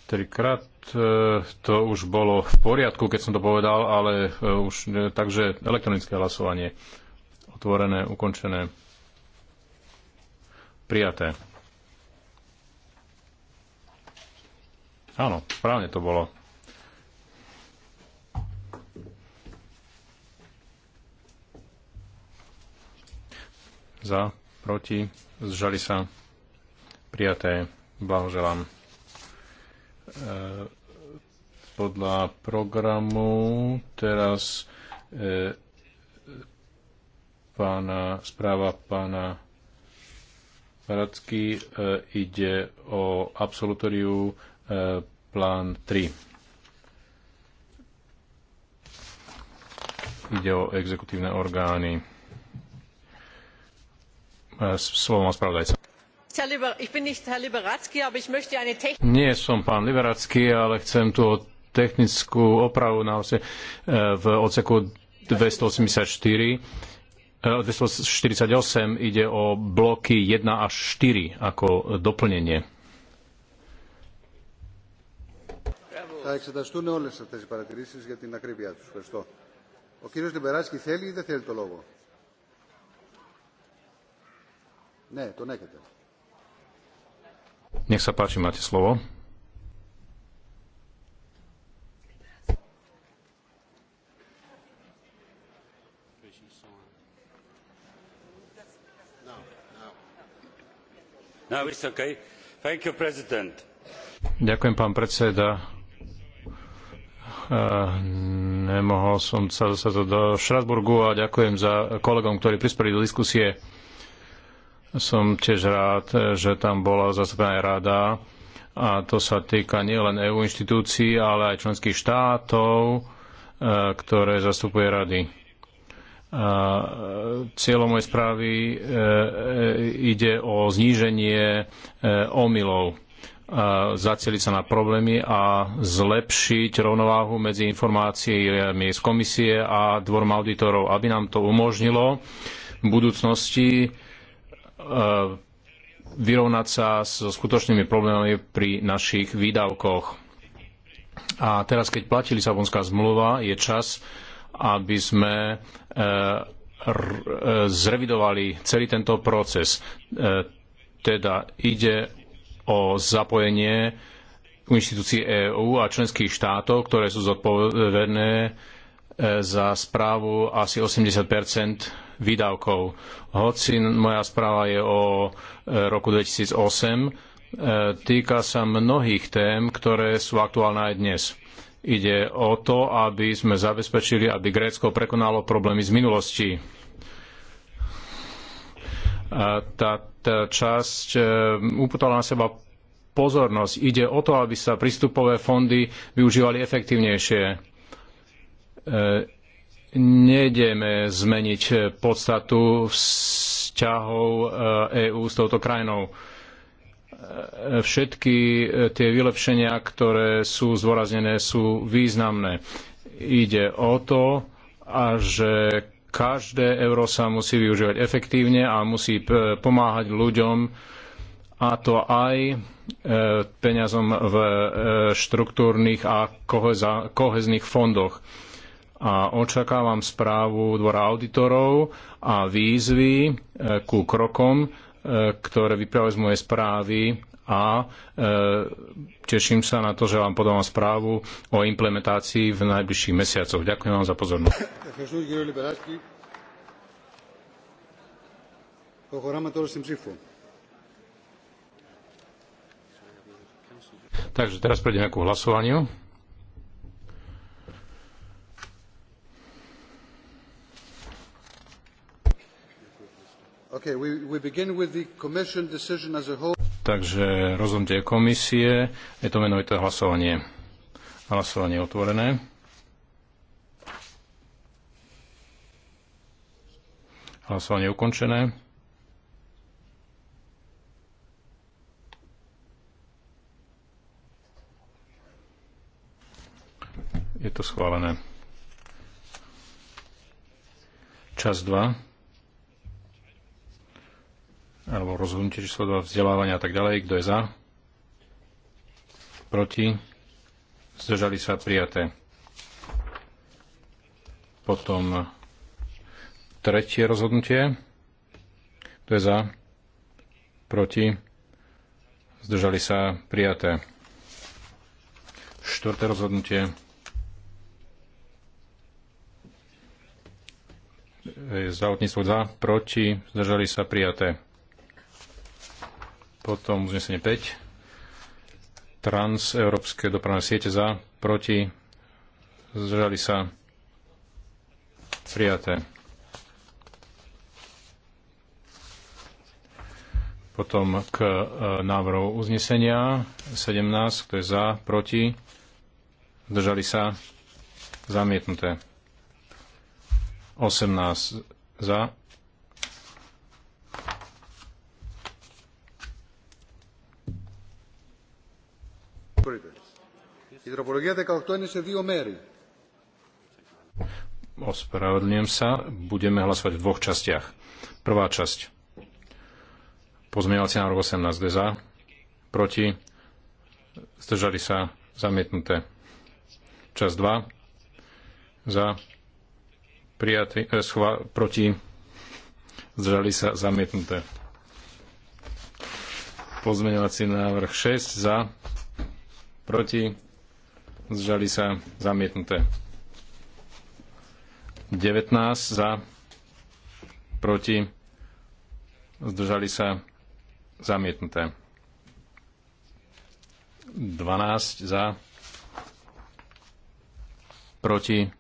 trikrát e, to už bolo v poriadku, keď som to povedal, ale e, už, e, takže elektronické hlasovanie otvorené, ukončené, prijaté. Áno, správne to bolo. Za, proti, zžali sa, prijaté, blahoželám. E, podľa programu teraz e, pána, správa pána Radsky e, ide o absolutoriu e, plán 3. Ide o exekutívne orgány. E, slovo má spravodajca. Nie som pán Liberacký, ale chcem tu o technickú opravu na ose, v oceku 284. 248 ide o bloky 1 až 4 ako doplnenie. Θα εξεταστούν όλες αυτές οι παρατηρήσεις για την ακρίβειά τους. Ευχαριστώ. Ο κύριος Λιμπεράσκη θέλει ή δεν θέλει το λόγο. Ναι, τον έχετε. Nech sa páči, máte slovo. No, okay. you, Ďakujem, pán predseda. Nemohol som sa dostať do Štrasburgu a ďakujem za kolegom, ktorí prispeli do diskusie. Som tiež rád, že tam bola zastúpená rada a to sa týka nielen EU inštitúcií, ale aj členských štátov, e, ktoré zastupuje rady. A e, cieľom mojej správy e, ide o zníženie omylov zacieliť sa na problémy a zlepšiť rovnováhu medzi informáciami z komisie a dvorom auditorov, aby nám to umožnilo v budúcnosti E, vyrovnať sa so skutočnými problémami pri našich výdavkoch. A teraz, keď platí Lisabonská zmluva, je čas, aby sme e, e, zrevidovali celý tento proces. Teda ide o zapojenie inštitúcií EÚ a členských štátov, ktoré sú zodpovedné za správu asi 80 výdavkov. Hoci moja správa je o e, roku 2008, e, týka sa mnohých tém, ktoré sú aktuálne aj dnes. Ide o to, aby sme zabezpečili, aby Grécko prekonalo problémy z minulosti. tá, tá časť e, uputala na seba pozornosť. Ide o to, aby sa prístupové fondy využívali efektívnejšie nejdeme zmeniť podstatu vzťahov EÚ eh, e s touto krajinou. Eh, všetky eh, tie vylepšenia, ktoré sú zdôraznené, sú významné. Ide o to, že každé euro sa musí využívať efektívne a musí pomáhať ľuďom, a to aj peniazom v štruktúrnych a kohezných fondoch a očakávam správu Dvora auditorov a výzvy e, ku krokom, e, ktoré vyprávajú z mojej správy a e, teším sa na to, že vám podávam správu o implementácii v najbližších mesiacoch. Ďakujem vám za pozornosť. Takže teraz prejdeme ku hlasovaniu. Takže rozhodnutie komisie, je to menovité hlasovanie. Hlasovanie je otvorené. Hlasovanie je ukončené. Je to schválené. Čas 2 alebo rozhodnutie číslo 2 vzdelávania a tak ďalej. Kto je za? Proti? Zdržali sa prijaté. Potom tretie rozhodnutie. Kto je za? Proti? Zdržali sa prijaté. Štvrté rozhodnutie. E, zdravotníctvo za, proti, zdržali sa prijaté. Potom uznesenie 5. Transeurópske dopravné siete za, proti, zdržali sa, prijaté. Potom k e, návrhu uznesenia 17, kto je za, proti, zdržali sa, zamietnuté. 18 za, Η Ospravedlňujem sa. Budeme hlasovať v dvoch častiach. Prvá časť. Pozmeňovací návrh 18 za. Proti. Zdržali sa. Zamietnuté. Časť 2. Za. Prijatý, eh, proti. Zdržali sa. Zamietnuté. Pozmeňovací návrh 6 za. Proti zdržali sa zamietnuté. 19 za, proti, zdržali sa zamietnuté. 12 za, proti,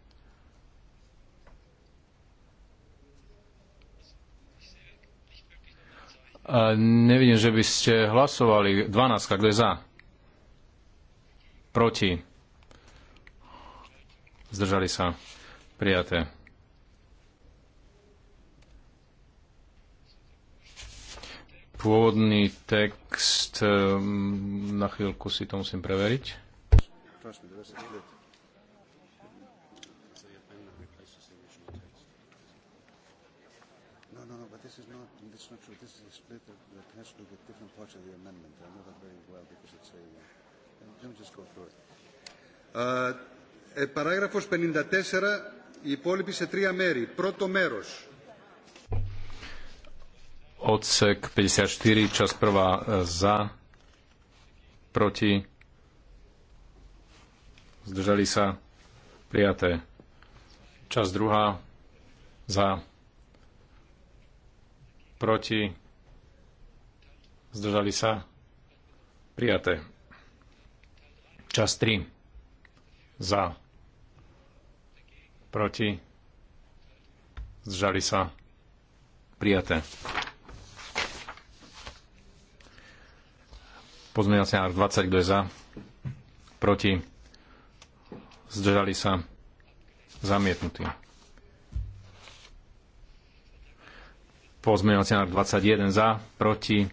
A nevidím, že by ste hlasovali. 12, kto je za? Proti. Zdržali sa. Prijaté. Pôvodný text, ehm, na chvíľku si to musím preveriť. No, no, no, uh, παράγραφος 54, σε τρία μέρη. Πρώτο μέρος. Odsek 54, čas prvá za, proti, zdržali sa, prijaté. Čas druhá, za, proti, zdržali sa, prijaté. Čas 3, za, proti, zdržali sa, prijaté. Pozmeňovací návrh 20, kto je za, proti, zdržali sa, zamietnutý. Pozmeňovací návrh 21 za, proti,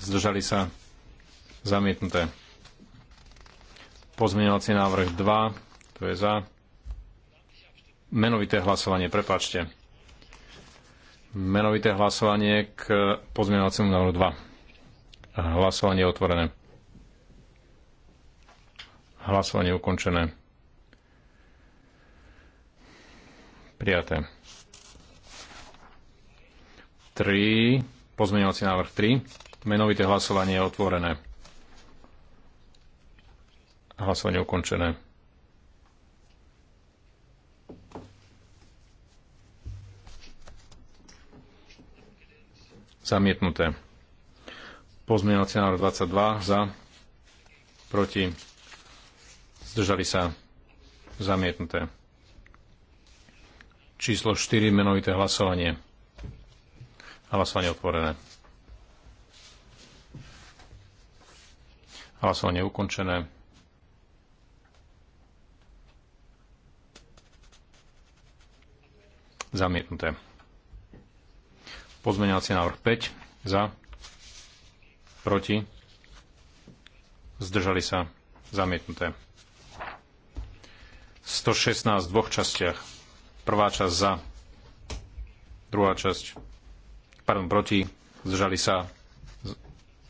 zdržali sa, zamietnuté. Pozmeňovací návrh 2, to je za, menovité hlasovanie, prepáčte. Menovité hlasovanie k pozmeňovaciemu návrhu 2. Hlasovanie otvorené. Hlasovanie ukončené. Prijaté. 3. Pozmeňovací návrh 3. Menovité hlasovanie je otvorené. Hlasovanie ukončené Zamietnuté. Pozmeňovací návrh 22 za, proti, zdržali sa, zamietnuté. Číslo 4, menovité hlasovanie. Hlasovanie otvorené. Hlasovanie ukončené. Zamietnuté. Pozmeňovací návrh 5 za, proti, zdržali sa zamietnuté. 116 v dvoch častiach. Prvá časť za, druhá časť, pardon, proti, zdržali sa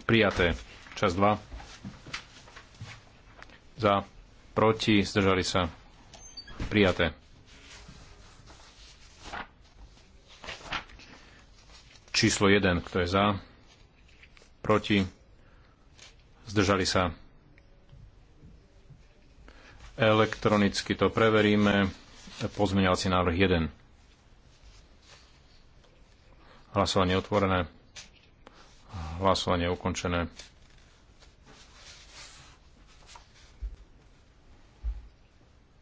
prijaté. Časť 2 za, proti, zdržali sa prijaté. Číslo 1, kto je za? Proti? Zdržali sa? Elektronicky to preveríme. Pozmeňovací návrh 1. Hlasovanie otvorené. Hlasovanie ukončené.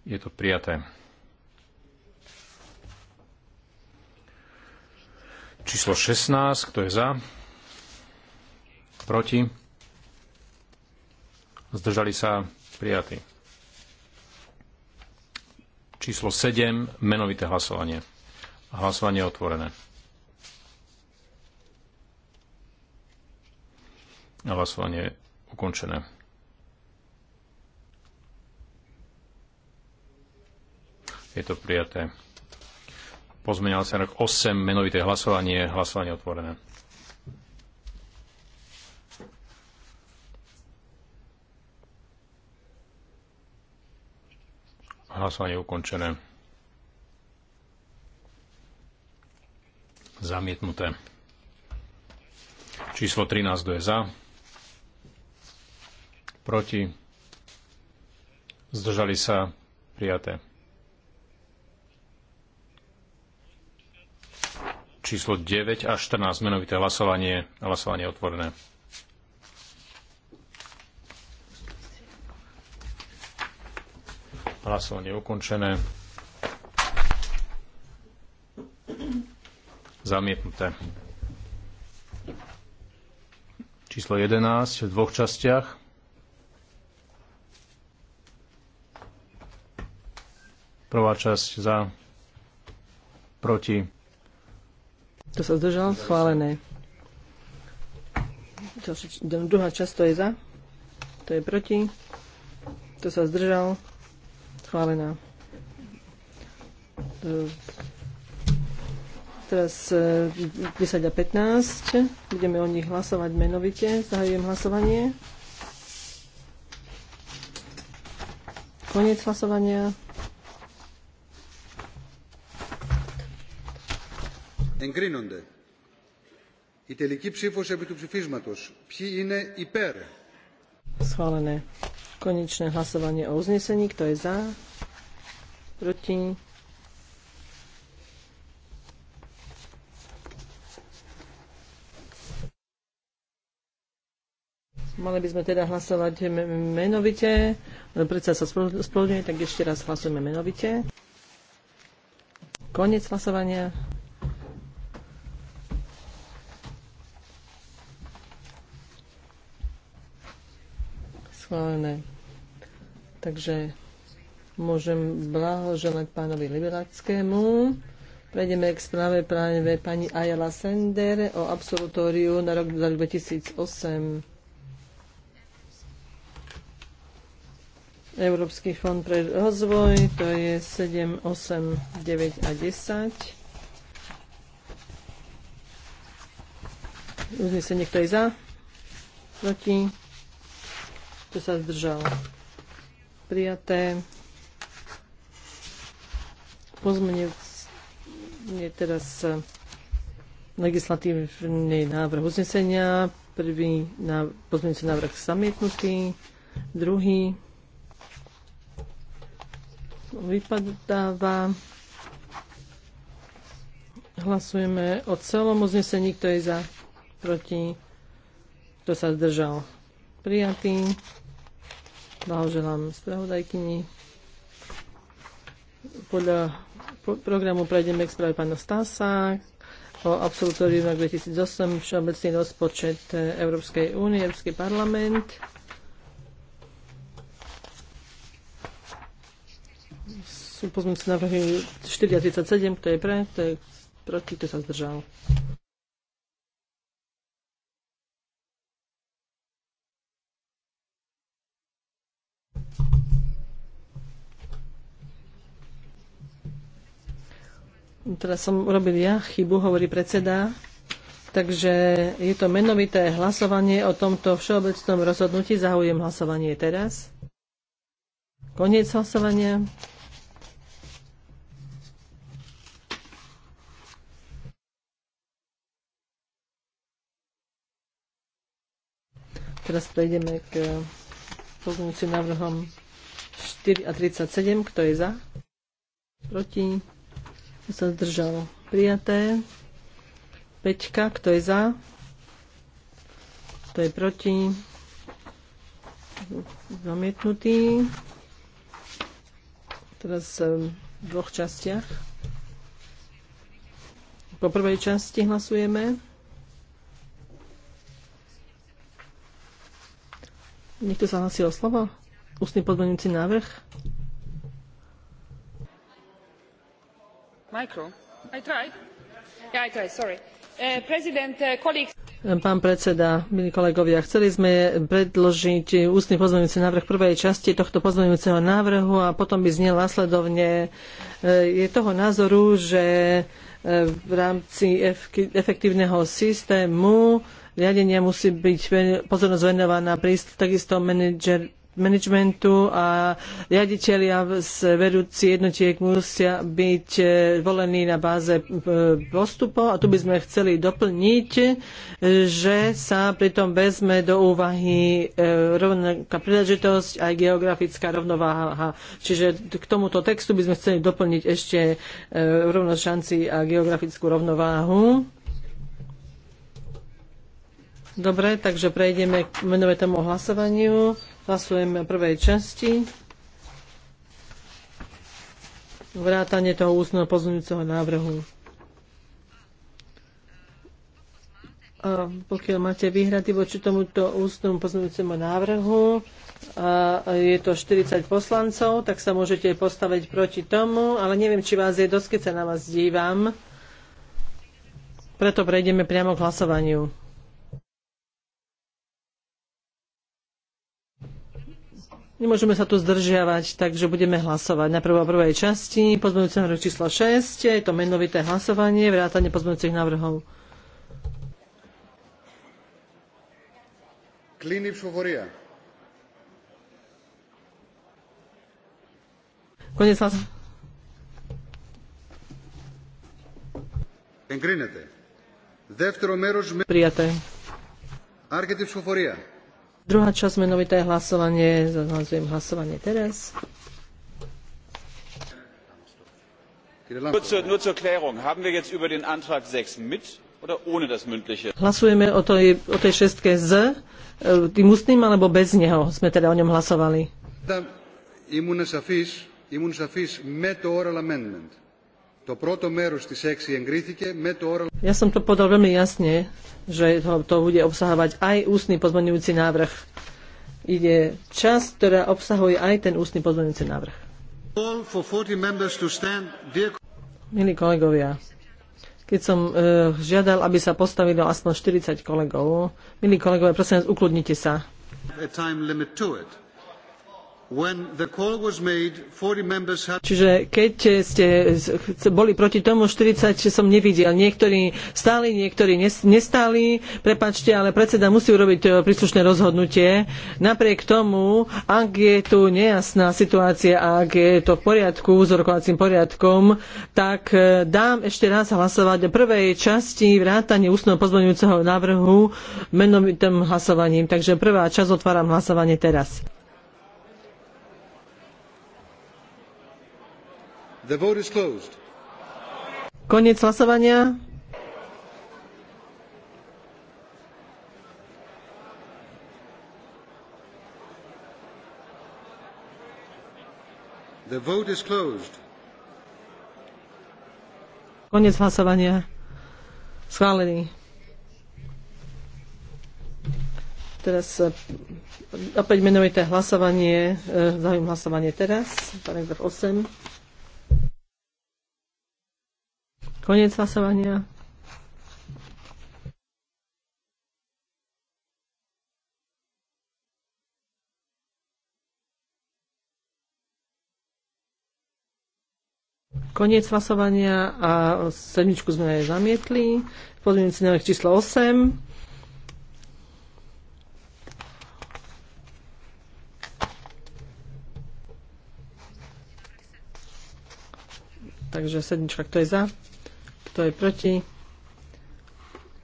Je to prijaté. Číslo 16, kto je za? Proti? Zdržali sa prijatí. Číslo 7, menovité hlasovanie. Hlasovanie je otvorené. Hlasovanie je ukončené. Je to prijaté sa rok 8, menovité hlasovanie, hlasovanie otvorené. Hlasovanie ukončené. Zamietnuté. Číslo 13, kto je za? Proti? Zdržali sa? Prijaté. číslo 9 a 14, menovité hlasovanie, hlasovanie otvorené. Hlasovanie ukončené. Zamietnuté. Číslo 11 v dvoch častiach. Prvá časť za, proti, kto sa zdržal? Schválené. Druhá časť to je za. To je proti. Kto sa zdržal? Schválená. E, teraz 10 e, a 15. Budeme o nich hlasovať menovite. Zahajujem hlasovanie. Koniec hlasovania. εγκρίνονται. Η τελική ψήφος επί του ψηφίσματος. Ποιοι είναι υπέρ. Σχόλενε. Κονίτσινε hlasovanie ο uznesení. Κτο εζά. za? Mali by sme teda hlasovať menovite. Predsa sa spoludňuje, tak ešte raz hlasujeme menovite. Koniec hlasovania. schválené. Takže môžem blahoželať pánovi Liberackému. Prejdeme k správe práve pani Ayala Sender o absolutóriu na rok 2008. Európsky fond pre rozvoj, to je 7, 8, 9 a 10. Uznesenie, kto je za? Proti? Kto sa zdržal? Prijaté. Pozmenie je teraz e, legislatívny návrh uznesenia. Prvý na, pozmeňujúci návrh zamietnutý. Druhý vypadáva. Hlasujeme o celom uznesení, kto je za, proti, kto sa zdržal prijatý. Blahoželám spravodajkyni. Podľa programu prejdeme k správe pána Stasa o absolutóriu na 2008 všeobecný rozpočet e, Európskej únie, Európsky parlament. Sú pozmúci návrhy 437, kto je pre, kto je proti, kto sa zdržal. teraz som urobil ja chybu, hovorí predseda. Takže je to menovité hlasovanie o tomto všeobecnom rozhodnutí. Zahujem hlasovanie teraz. Koniec hlasovania. Teraz prejdeme k pozmúcim návrhom 4 a 37. Kto je za? Proti? Kto sa zdržal? Prijaté. Peťka, kto je za? Kto je proti? Zamietnutý. Teraz ehm, v dvoch častiach. Po prvej časti hlasujeme. Niekto sa hlasil o slovo? Ústny podmenujúci návrh? Uh, uh, Pán predseda, milí kolegovia, chceli sme predložiť ústny pozmeňujúci návrh prvej časti tohto pozmeňujúceho návrhu a potom by znel následovne. Eh, je toho názoru, že eh, v rámci efektívneho systému riadenia musí byť pozornosť venovaná takisto manažer, managementu a riaditeľia z vedúci jednotiek musia byť e, volení na báze e, postupov. A tu by sme chceli doplniť, e, že sa pritom vezme do úvahy rovnaká príležitosť aj geografická rovnováha. Čiže k tomuto textu by sme chceli doplniť ešte rovnosť šanci a geografickú rovnováhu. Dobre, takže prejdeme k menovetému hlasovaniu. Hlasujeme o prvej časti. Vrátanie toho ústneho pozorňujúceho návrhu. A pokiaľ máte výhrady voči tomuto ústnom pozorňujúcemu návrhu, a je to 40 poslancov, tak sa môžete postaviť proti tomu, ale neviem, či vás je dosť, keď sa na vás dívam. Preto prejdeme priamo k hlasovaniu. Nemôžeme sa tu zdržiavať, takže budeme hlasovať. Na o prvej časti Pozmeňujúce návrh číslo 6, je to menovité hlasovanie, vrátanie pozmeňujúcich návrhov. Klíny ψηφοφορία. Konec hlas. Εγκρίνεται. Δεύτερο μέρος... Prijaté. Άρχεται η ψηφοφορία. Druhá časť menovité hlasovanie. zaznazujem hlasovanie teraz. Hlasujeme o tej, o tej šestke z e, tým ústnym alebo bez neho sme teda o ňom hlasovali. Ja som to podal veľmi jasne, že to, to bude obsahovať aj ústny pozmeňujúci návrh. Ide čas, ktorá obsahuje aj ten ústny pozmeňujúci návrh. Milí kolegovia, keď som e, žiadal, aby sa postavilo aspoň 40 kolegov, milí kolegovia, prosím vás, ukludnite sa. A time limit to it. Čiže keď ste boli proti tomu 40, som nevidel. Niektorí stáli, niektorí nestáli. Prepačte, ale predseda musí urobiť e, príslušné rozhodnutie. Napriek tomu, ak je tu nejasná situácia a ak je to v poriadku s rokovacím poriadkom, tak e, dám ešte raz hlasovať o prvej časti vrátane ústneho pozmeňujúceho návrhu menovitým hlasovaním. Takže prvá časť otváram hlasovanie teraz. The vote is closed. Koniec hlasovania. The vote is closed. Koniec hlasovania. Schválený. Teraz e, opäť menujete hlasovanie, e, Zaujím hlasovanie teraz, paragraf 8. Koniec hlasovania. Koniec hlasovania a sedmičku sme aj zamietli. si návrh číslo 8. Takže sedmička, kto je za? Kto je proti?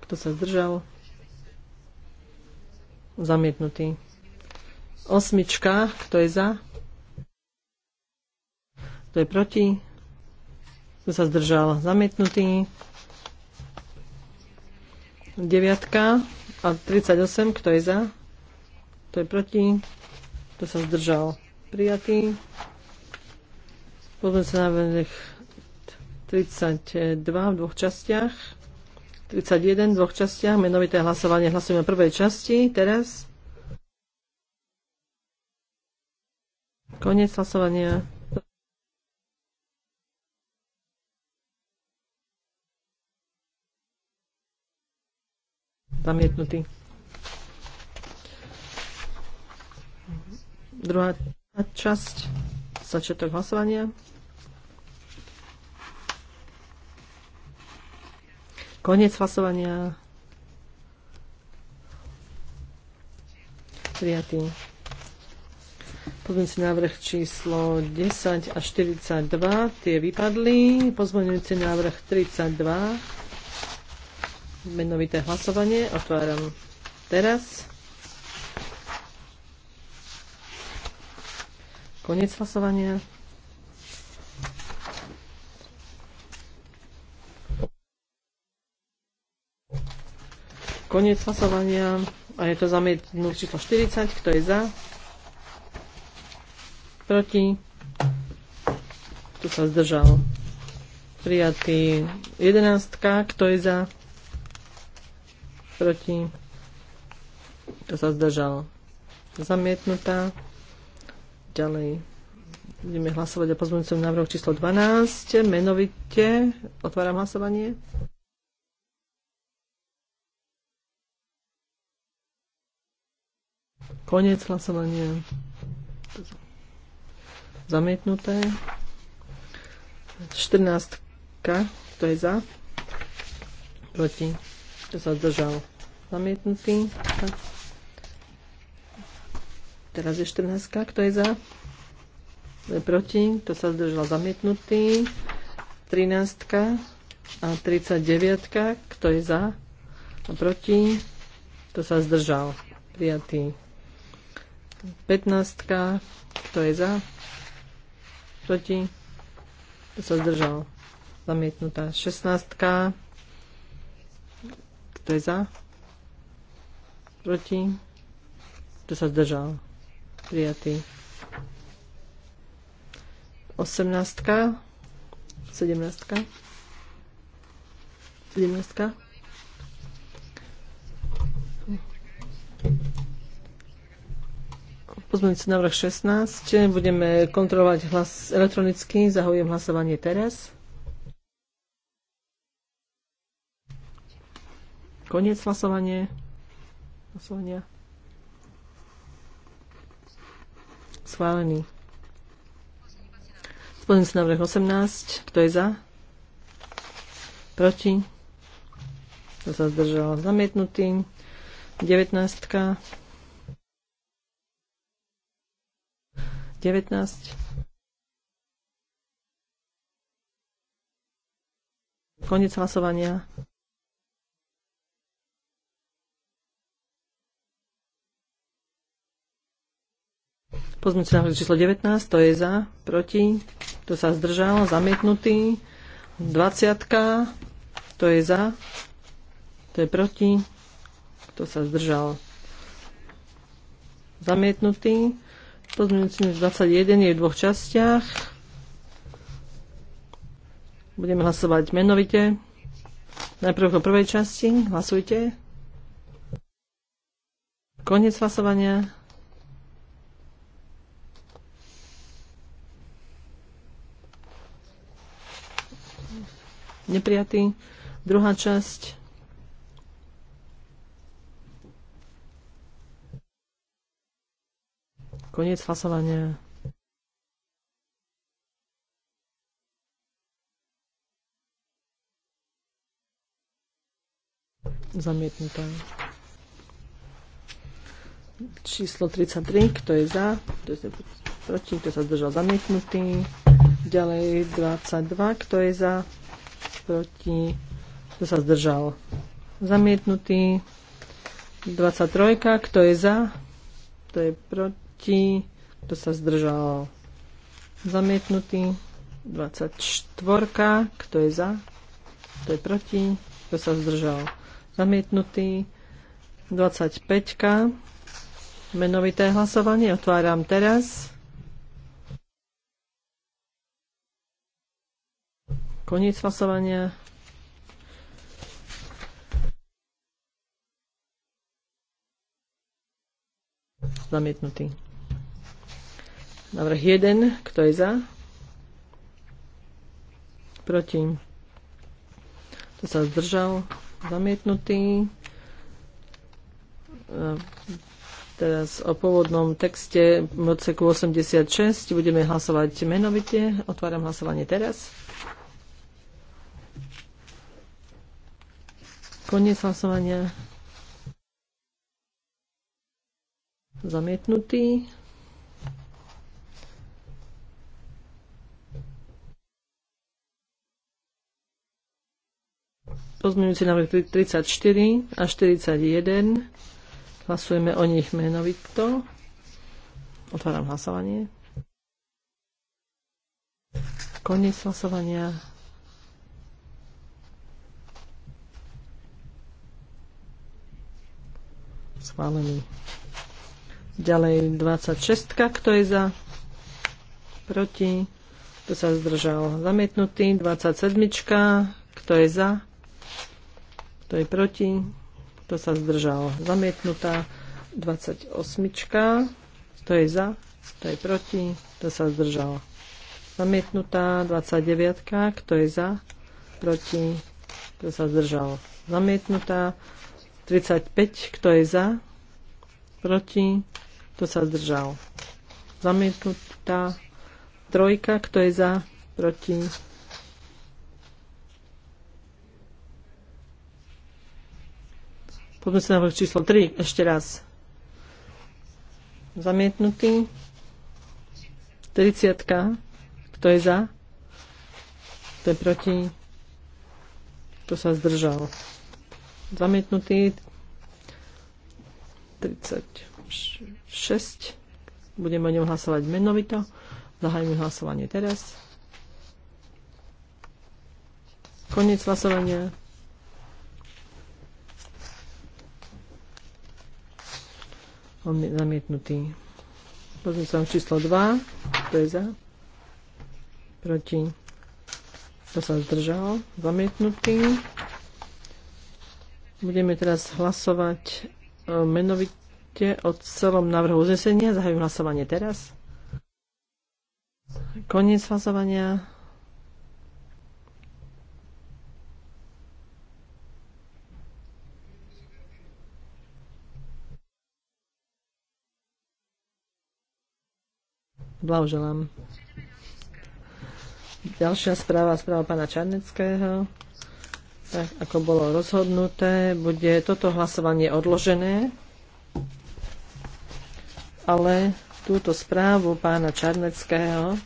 Kto sa zdržal? Zamietnutý. Osmička. Kto je za? Kto je proti? Kto sa zdržal? Zamietnutý. Deviatka a 38. Kto je za? Kto je proti? Kto sa zdržal? Prijatý. Pozme sa na 32 v dvoch častiach. 31 v dvoch častiach. Menovité hlasovanie. Hlasujeme o prvej časti. Teraz. Koniec hlasovania. Zamietnutý. Druhá časť. Začiatok hlasovania. Konec hlasovania. Prijatý. Pozmeňujúci návrh číslo 10 a 42, tie vypadli. Pozmeňujúci návrh 32, menovité hlasovanie, otváram teraz. Konec hlasovania. Koniec hlasovania. A je to zamietnúť číslo 40. Kto je za? Proti? tu sa zdržal? Prijatý 11. Kto je za? Proti? Kto sa zdržal? Zamietnutá. Ďalej. Budeme hlasovať o pozmeňujúcom návrhu číslo 12. Menovite. Otváram hlasovanie. Konec hlasovania. Zamietnuté. 14. Kto je za? Proti. Kto sa zdržal? Zamietnutý. Teraz je 14. Kto je za? Kto je proti? Kto sa zdržal? Zamietnutý. 13. A 39. Kto je za? A proti? Kto sa zdržal? Prijatý. 15. Kto je za? Proti? Kto sa zdržal? Zamietnutá. 16. Kto je za? Proti? Kto sa zdržal? Prijatý. 18. 17. 17. Pozmeňujúci návrh 16. Budeme kontrolovať hlas elektronicky. Zahujem hlasovanie teraz. Koniec hlasovanie. Hlasovania. Schválený. Pozmeňujúci návrh 18. Kto je za? Proti? Kto sa zdržal? Zamietnutý. 19. Koniec Konec hlasovania. Pozmeňujúci návrh číslo 19, to je za, proti, to sa zdržal, zamietnutý. 20, to je za, to je proti, to sa zdržal, zamietnutý. Pozmeňujúci 21 je v dvoch častiach. Budeme hlasovať menovite. Najprv o prvej časti. Hlasujte. Konec hlasovania. Neprijatý. Druhá časť. Koniec hlasovania. Zamietnuté. Číslo 33, kto je za, kto je proti, kto sa zdržal zamietnutý. Ďalej 22, kto je za, proti, kto sa zdržal zamietnutý. 23, kto je za, kto je proti, proti, kto sa zdržal zamietnutý, 24, kto je za, kto je proti, kto sa zdržal zamietnutý, 25, menovité hlasovanie, otváram teraz. Koniec hlasovania. Zamietnutý. Návrh 1. Kto je za? Proti. Kto sa zdržal? Zamietnutý. E, teraz o pôvodnom texte v odseku 86 budeme hlasovať menovite. Otváram hlasovanie teraz. Koniec hlasovania. Zamietnutý. Pozmeňujúci návrh 34 a 41. Hlasujeme o nich menovito. Otváram hlasovanie. Koniec hlasovania. Schválený. Ďalej 26. Kto je za? Proti. Kto sa zdržal? Zamietnutý. 27. Kto je za? Kto je proti? Kto sa zdržal? Zamietnutá. 28. Kto je za? Kto je proti? Kto sa zdržal? Zamietnutá. 29. Kto je za? Proti? Kto sa zdržal? Zamietnutá. 35. Kto je za? Proti? Kto sa zdržal? Zamietnutá. Trojka. Kto je za? Proti? Poďme sa návrh číslo 3 ešte raz. Zamietnutý. 30. Kto je za? Kto je proti? Kto sa zdržal? Zamietnutý. 36. Budeme o ňom hlasovať menovito. Zahajme hlasovanie teraz. Koniec hlasovania. zamietnutý. Pozrieme sa číslo 2, to je za, proti, to sa zdržal, zamietnutý. Budeme teraz hlasovať e, menovite o celom návrhu uznesenia. Zahajujem hlasovanie teraz. Koniec hlasovania. Blahoželám. Ďalšia správa, správa pána Čarneckého. Tak, ako bolo rozhodnuté, bude toto hlasovanie odložené, ale túto správu pána Čarneckého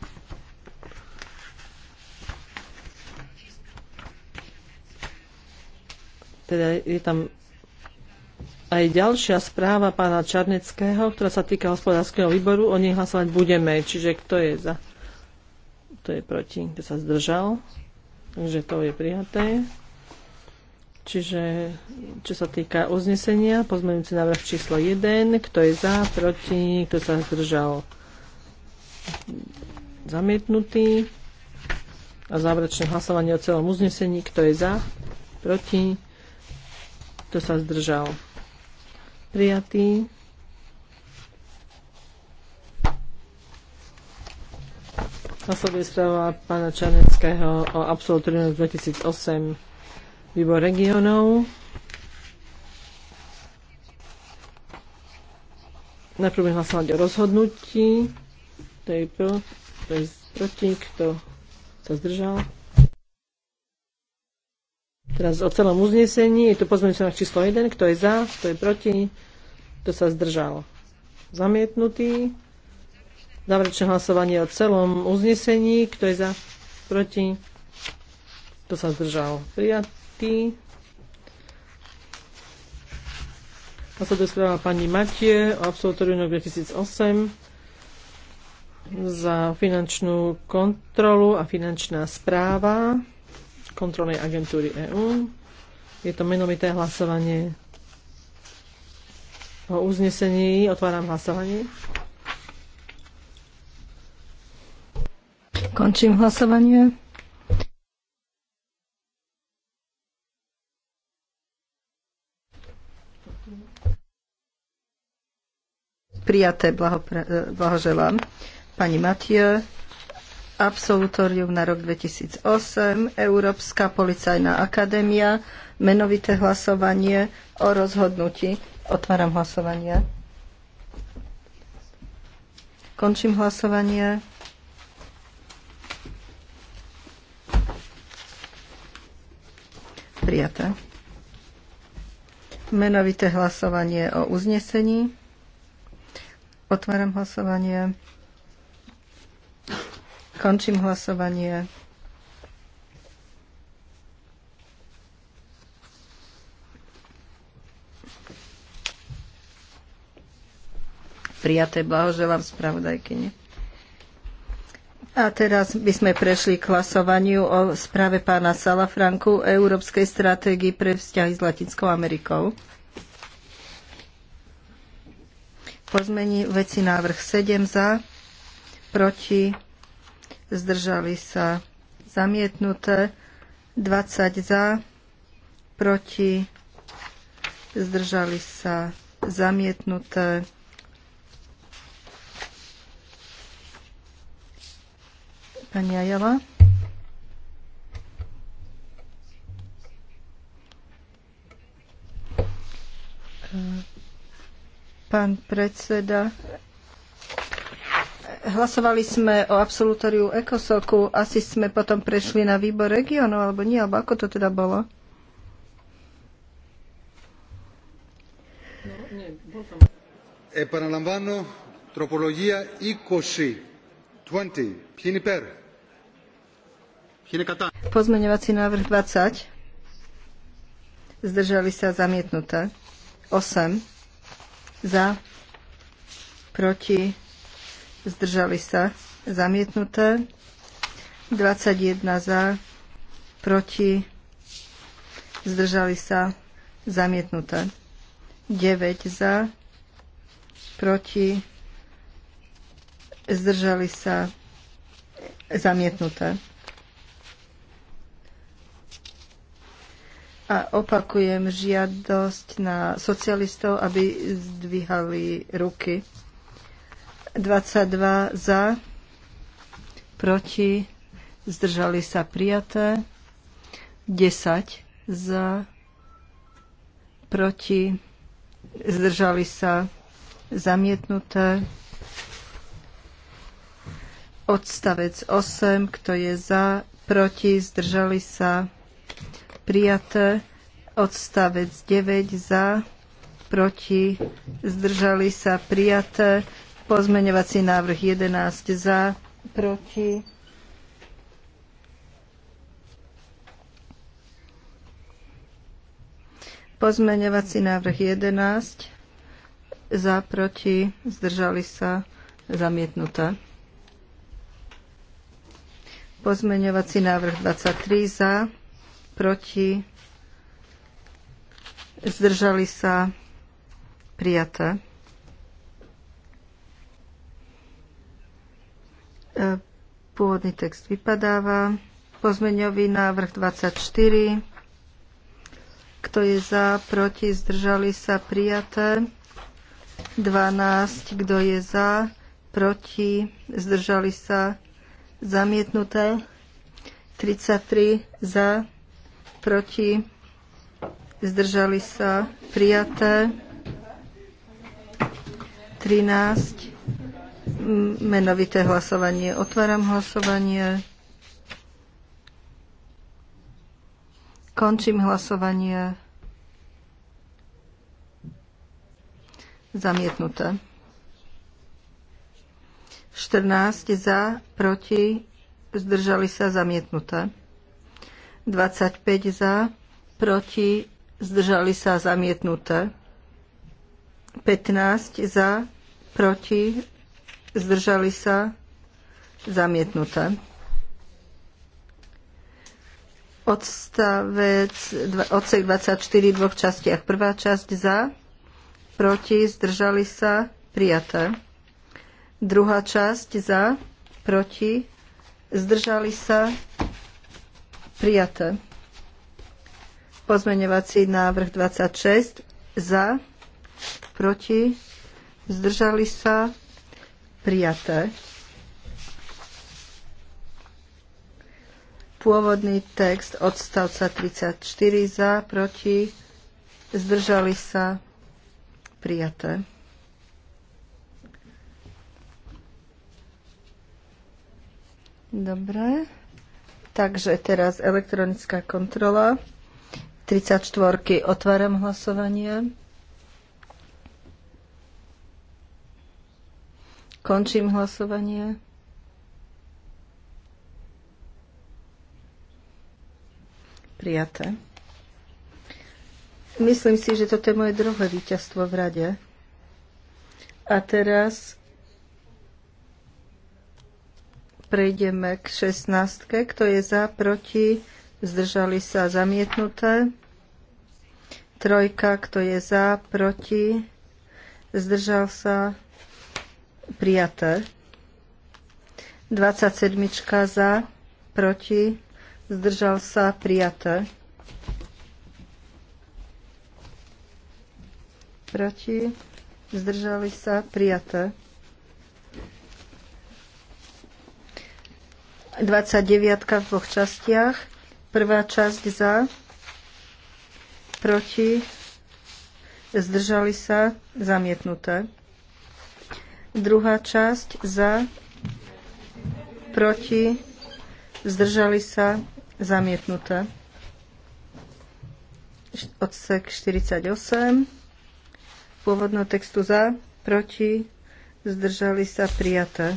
teda je tam aj ďalšia správa pána Čarneckého, ktorá sa týka hospodárskeho výboru. O nej hlasovať budeme. Čiže kto je za? Kto je proti? Kto sa zdržal? Takže to je prijaté. Čiže čo sa týka uznesenia, pozmeňujúci návrh číslo 1, kto je za, proti, kto sa zdržal zamietnutý. A záverečné hlasovanie o celom uznesení, kto je za, proti, kto sa zdržal prijatý. Nasleduje správa pána Čarneckého o absolutorium 2008 výbor regionov. Najprv budeme hlasovať o rozhodnutí. To je pro, to je proti, kto sa zdržal. Teraz o celom uznesení. Je to na číslo 1. Kto je za? Kto je proti? Kto sa zdržal? Zamietnutý. Záverečné hlasovanie o celom uznesení. Kto je za? Proti? Kto sa zdržal? Prijatý. Nasleduje správa pani Matie o absolutóriu 2008 za finančnú kontrolu a finančná správa kontrolnej agentúry EÚ. Je to menovité hlasovanie o uznesení. Otváram hlasovanie. Končím hlasovanie. Prijaté, blahoželám. Pani Matie, absolutórium na rok 2008, Európska policajná akadémia, menovité hlasovanie o rozhodnutí. Otváram hlasovanie. Končím hlasovanie. Prijaté. Menovité hlasovanie o uznesení. Otváram hlasovanie. Končím hlasovanie. Prijaté, blahoželám spravodajkyni. A teraz by sme prešli k hlasovaniu o správe pána Salafranku Európskej stratégii pre vzťahy s Latinskou Amerikou. Pozmení veci návrh 7 za, proti zdržali sa zamietnuté, 20 za, proti, zdržali sa zamietnuté. Pani Ajala. Pán predseda, hlasovali sme o absolutóriu Ekosoku, asi sme potom prešli na výbor regionov, alebo nie, alebo ako to teda bolo? No, nie, bol Επαναλαμβάνω, τροπολογία 20. 20. Ποιοι είναι υπέρ. Ποιοι είναι κατά. Pozmeňovací návrh 20. Zdržali sa zamietnuté. 8. Za. Proti zdržali sa zamietnuté, 21 za, proti, zdržali sa zamietnuté, 9 za, proti, zdržali sa zamietnuté. A opakujem žiadosť na socialistov, aby zdvíhali ruky. 22 za, proti, zdržali sa prijaté, 10 za, proti, zdržali sa zamietnuté, odstavec 8, kto je za, proti, zdržali sa prijaté, odstavec 9 za, proti, zdržali sa prijaté, Pozmeňovací návrh 11 za, proti. Pozmeňovací návrh 11 za, proti, zdržali sa, zamietnuté. Pozmeňovací návrh 23 za, proti, zdržali sa, prijaté. E, pôvodný text vypadáva. Pozmeňový návrh 24. Kto je za, proti, zdržali sa, prijaté. 12. Kto je za, proti, zdržali sa, zamietnuté. 33. Za, proti, zdržali sa, prijaté. 13 menovité hlasovanie. Otváram hlasovanie. Končím hlasovanie. Zamietnuté. 14 za, proti, zdržali sa zamietnuté. 25 za, proti, zdržali sa zamietnuté. 15 za, proti, zdržali sa, zamietnuté. Odstavec, odsek 24 v dvoch častiach. Prvá časť za, proti, zdržali sa, prijaté. Druhá časť za, proti, zdržali sa, prijaté. Pozmeňovací návrh 26 za, proti, zdržali sa, prijaté prijaté. Pôvodný text odstavca 34 za, proti, zdržali sa, prijaté. Dobre. Takže teraz elektronická kontrola. 34. Otváram hlasovanie. Končím hlasovanie. Prijaté. Myslím si, že toto je moje druhé víťazstvo v rade. A teraz prejdeme k 16. Kto je za, proti, zdržali sa zamietnuté. Trojka, kto je za, proti, zdržal sa prijaté. 27 za, proti, zdržal sa, prijaté. Proti, zdržali sa, prijaté. 29 v dvoch častiach. Prvá časť za, proti, zdržali sa, zamietnuté. Druhá časť za, proti, zdržali sa, zamietnuté. Odsek 48. Pôvodnú textu za, proti, zdržali sa, prijaté.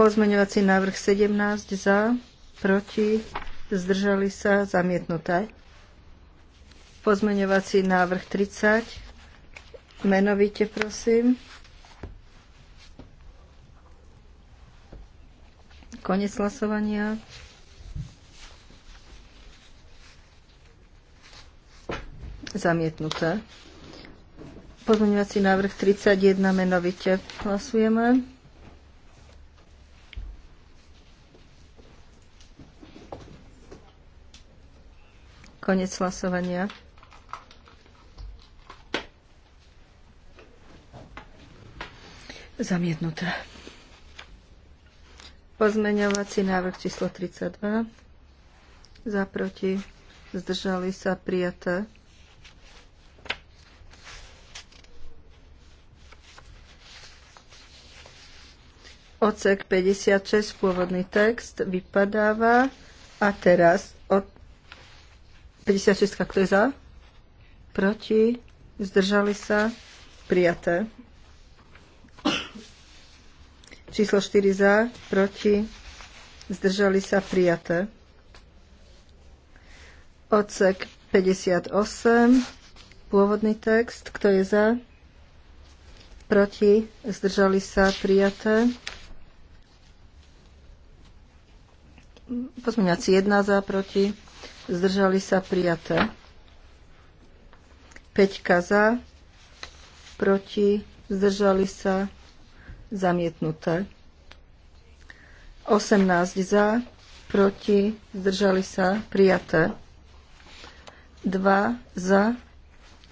Pozmeňovací návrh 17 za, proti, zdržali sa, zamietnuté. Pozmeňovací návrh 30 Menovite, prosím. Konec hlasovania. Zamietnuté. Pozmeňovací návrh 31 menovite. Hlasujeme. Konec hlasovania. Zamietnuté. Pozmeňovací návrh číslo 32. Za proti. Zdržali sa prijaté. Ocek 56, pôvodný text, vypadáva. A teraz od 56, kto je za? Proti? Zdržali sa? Prijaté. Číslo 4 za, proti, zdržali sa prijaté. Odsek 58, pôvodný text, kto je za, proti, zdržali sa prijaté. Pozmeňací 1 za, proti, zdržali sa prijaté. 5 za, proti, zdržali sa prijaté zamietnuté. 18 za, proti, zdržali sa, prijaté. 2 za,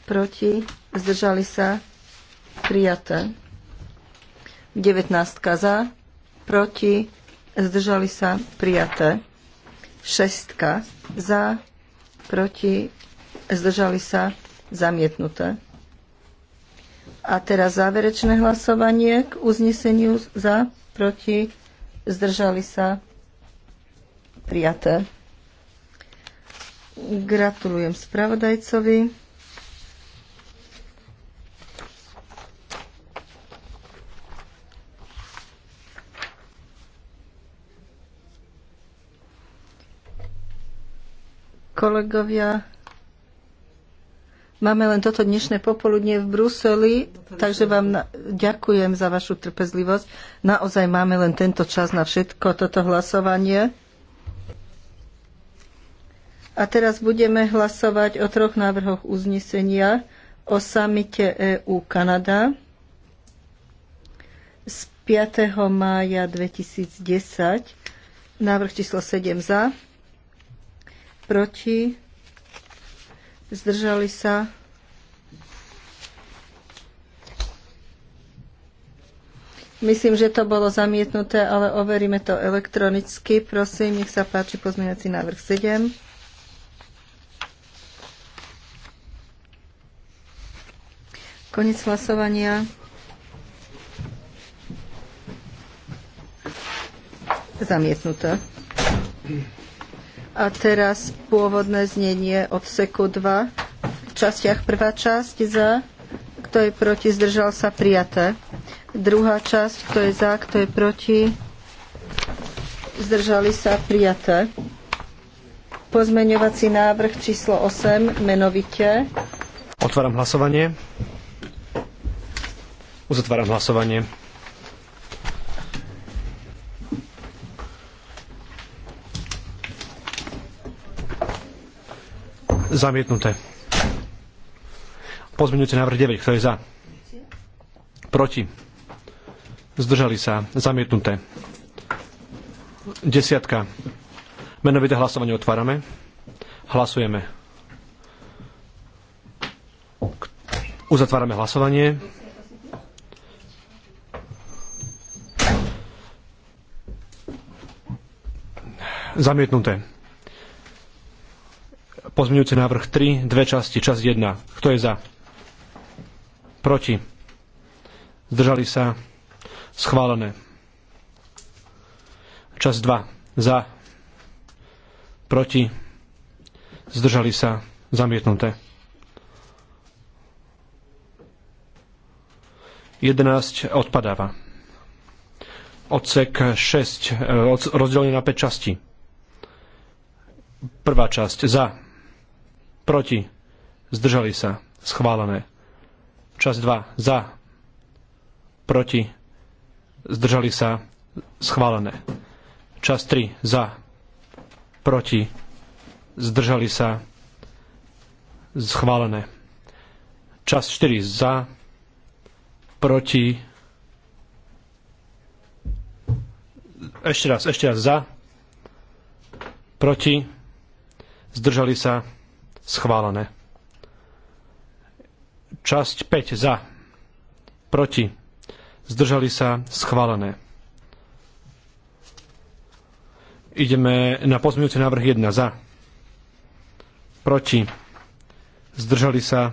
proti, zdržali sa, prijaté. 19 za, proti, zdržali sa, prijaté. 6 za, proti, zdržali sa, zamietnuté. A teraz záverečné hlasovanie k uzneseniu za, proti, zdržali sa, prijaté. Gratulujem spravodajcovi. Kolegovia, Máme len toto dnešné popoludne v Bruseli, takže vám ďakujem za vašu trpezlivosť. Naozaj máme len tento čas na všetko toto hlasovanie. A teraz budeme hlasovať o troch návrhoch uznesenia o samite EU-Kanada z 5. mája 2010. Návrh číslo 7 za, proti zdržali sa. Myslím, že to bolo zamietnuté, ale overíme to elektronicky. Prosím, nech sa páči pozmeňací návrh 7. Konec hlasovania. Zamietnuté. A teraz pôvodné znenie odseku 2. V častiach prvá časť za, kto je proti, zdržal sa prijaté. Druhá časť, kto je za, kto je proti, zdržali sa prijaté. Pozmeňovací návrh číslo 8, menovite. Otváram hlasovanie. Uzatváram hlasovanie. Zamietnuté. Pozmeňujúci návrh 9. Kto je za? Proti. Zdržali sa. Zamietnuté. Desiatka. Menovité hlasovanie otvárame. Hlasujeme. Uzatvárame hlasovanie. Zamietnuté. Pozmeňujúci návrh 3, dve časti, časť 1. Kto je za? Proti? Zdržali sa? Schválené. Časť 2. Za? Proti? Zdržali sa? Zamietnuté. 11 odpadáva. Odsek 6, eh, rozdelenie na 5 časti. Prvá časť za proti, zdržali sa, schválené. Čas 2, za, proti, zdržali sa, schválené. Čas 3, za, proti, zdržali sa, schválené. Čas 4, za, proti, ešte raz, ešte raz za, proti, zdržali sa, Schválené. Časť 5 za. Proti. Zdržali sa. Schválené. Ideme na pozmeňujúci návrh 1 za. Proti. Zdržali sa.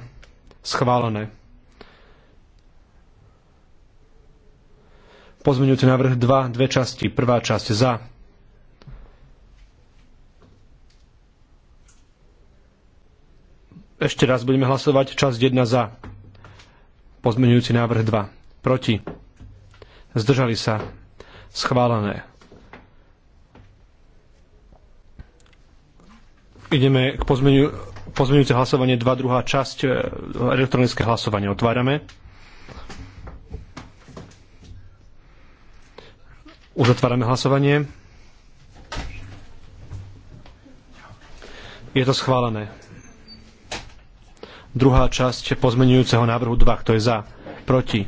Schválené. Pozmeňujúci návrh 2, dve časti. Prvá časť za Ešte raz budeme hlasovať časť 1 za. Pozmeňujúci návrh 2. Proti. Zdržali sa. Schválené. Ideme k pozmeňu, pozmeňujúce hlasovanie 2, druhá časť, e, elektronické hlasovanie. Otvárame. otvárame hlasovanie. Je to schválené. Druhá časť pozmenujúceho návrhu 2. Kto je za? Proti?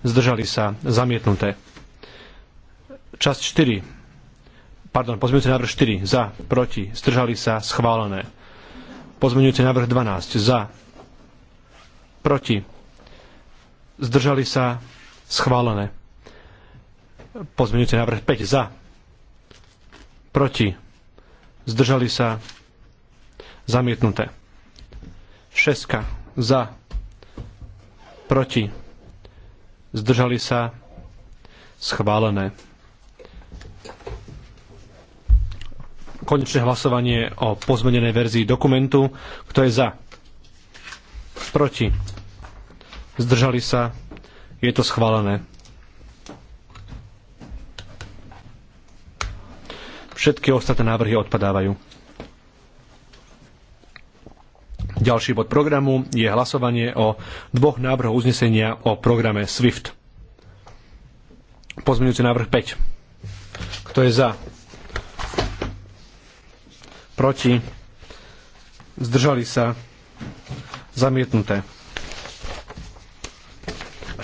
Zdržali sa? Zamietnuté. Časť 4. Pardon, pozmenujúci návrh 4. Za? Proti? Zdržali sa? Schválené. Pozmenujúci návrh 12. Za? Proti? Zdržali sa? Schválené. Pozmenujúci návrh 5. Za? Proti? Zdržali sa? Zamietnuté 6 za, proti, zdržali sa, schválené. Konečné hlasovanie o pozmenenej verzii dokumentu. Kto je za? Proti. Zdržali sa. Je to schválené. Všetky ostatné návrhy odpadávajú. Ďalší bod programu je hlasovanie o dvoch návrhoch uznesenia o programe SWIFT. Pozmeňujúci návrh 5. Kto je za? Proti? Zdržali sa? Zamietnuté.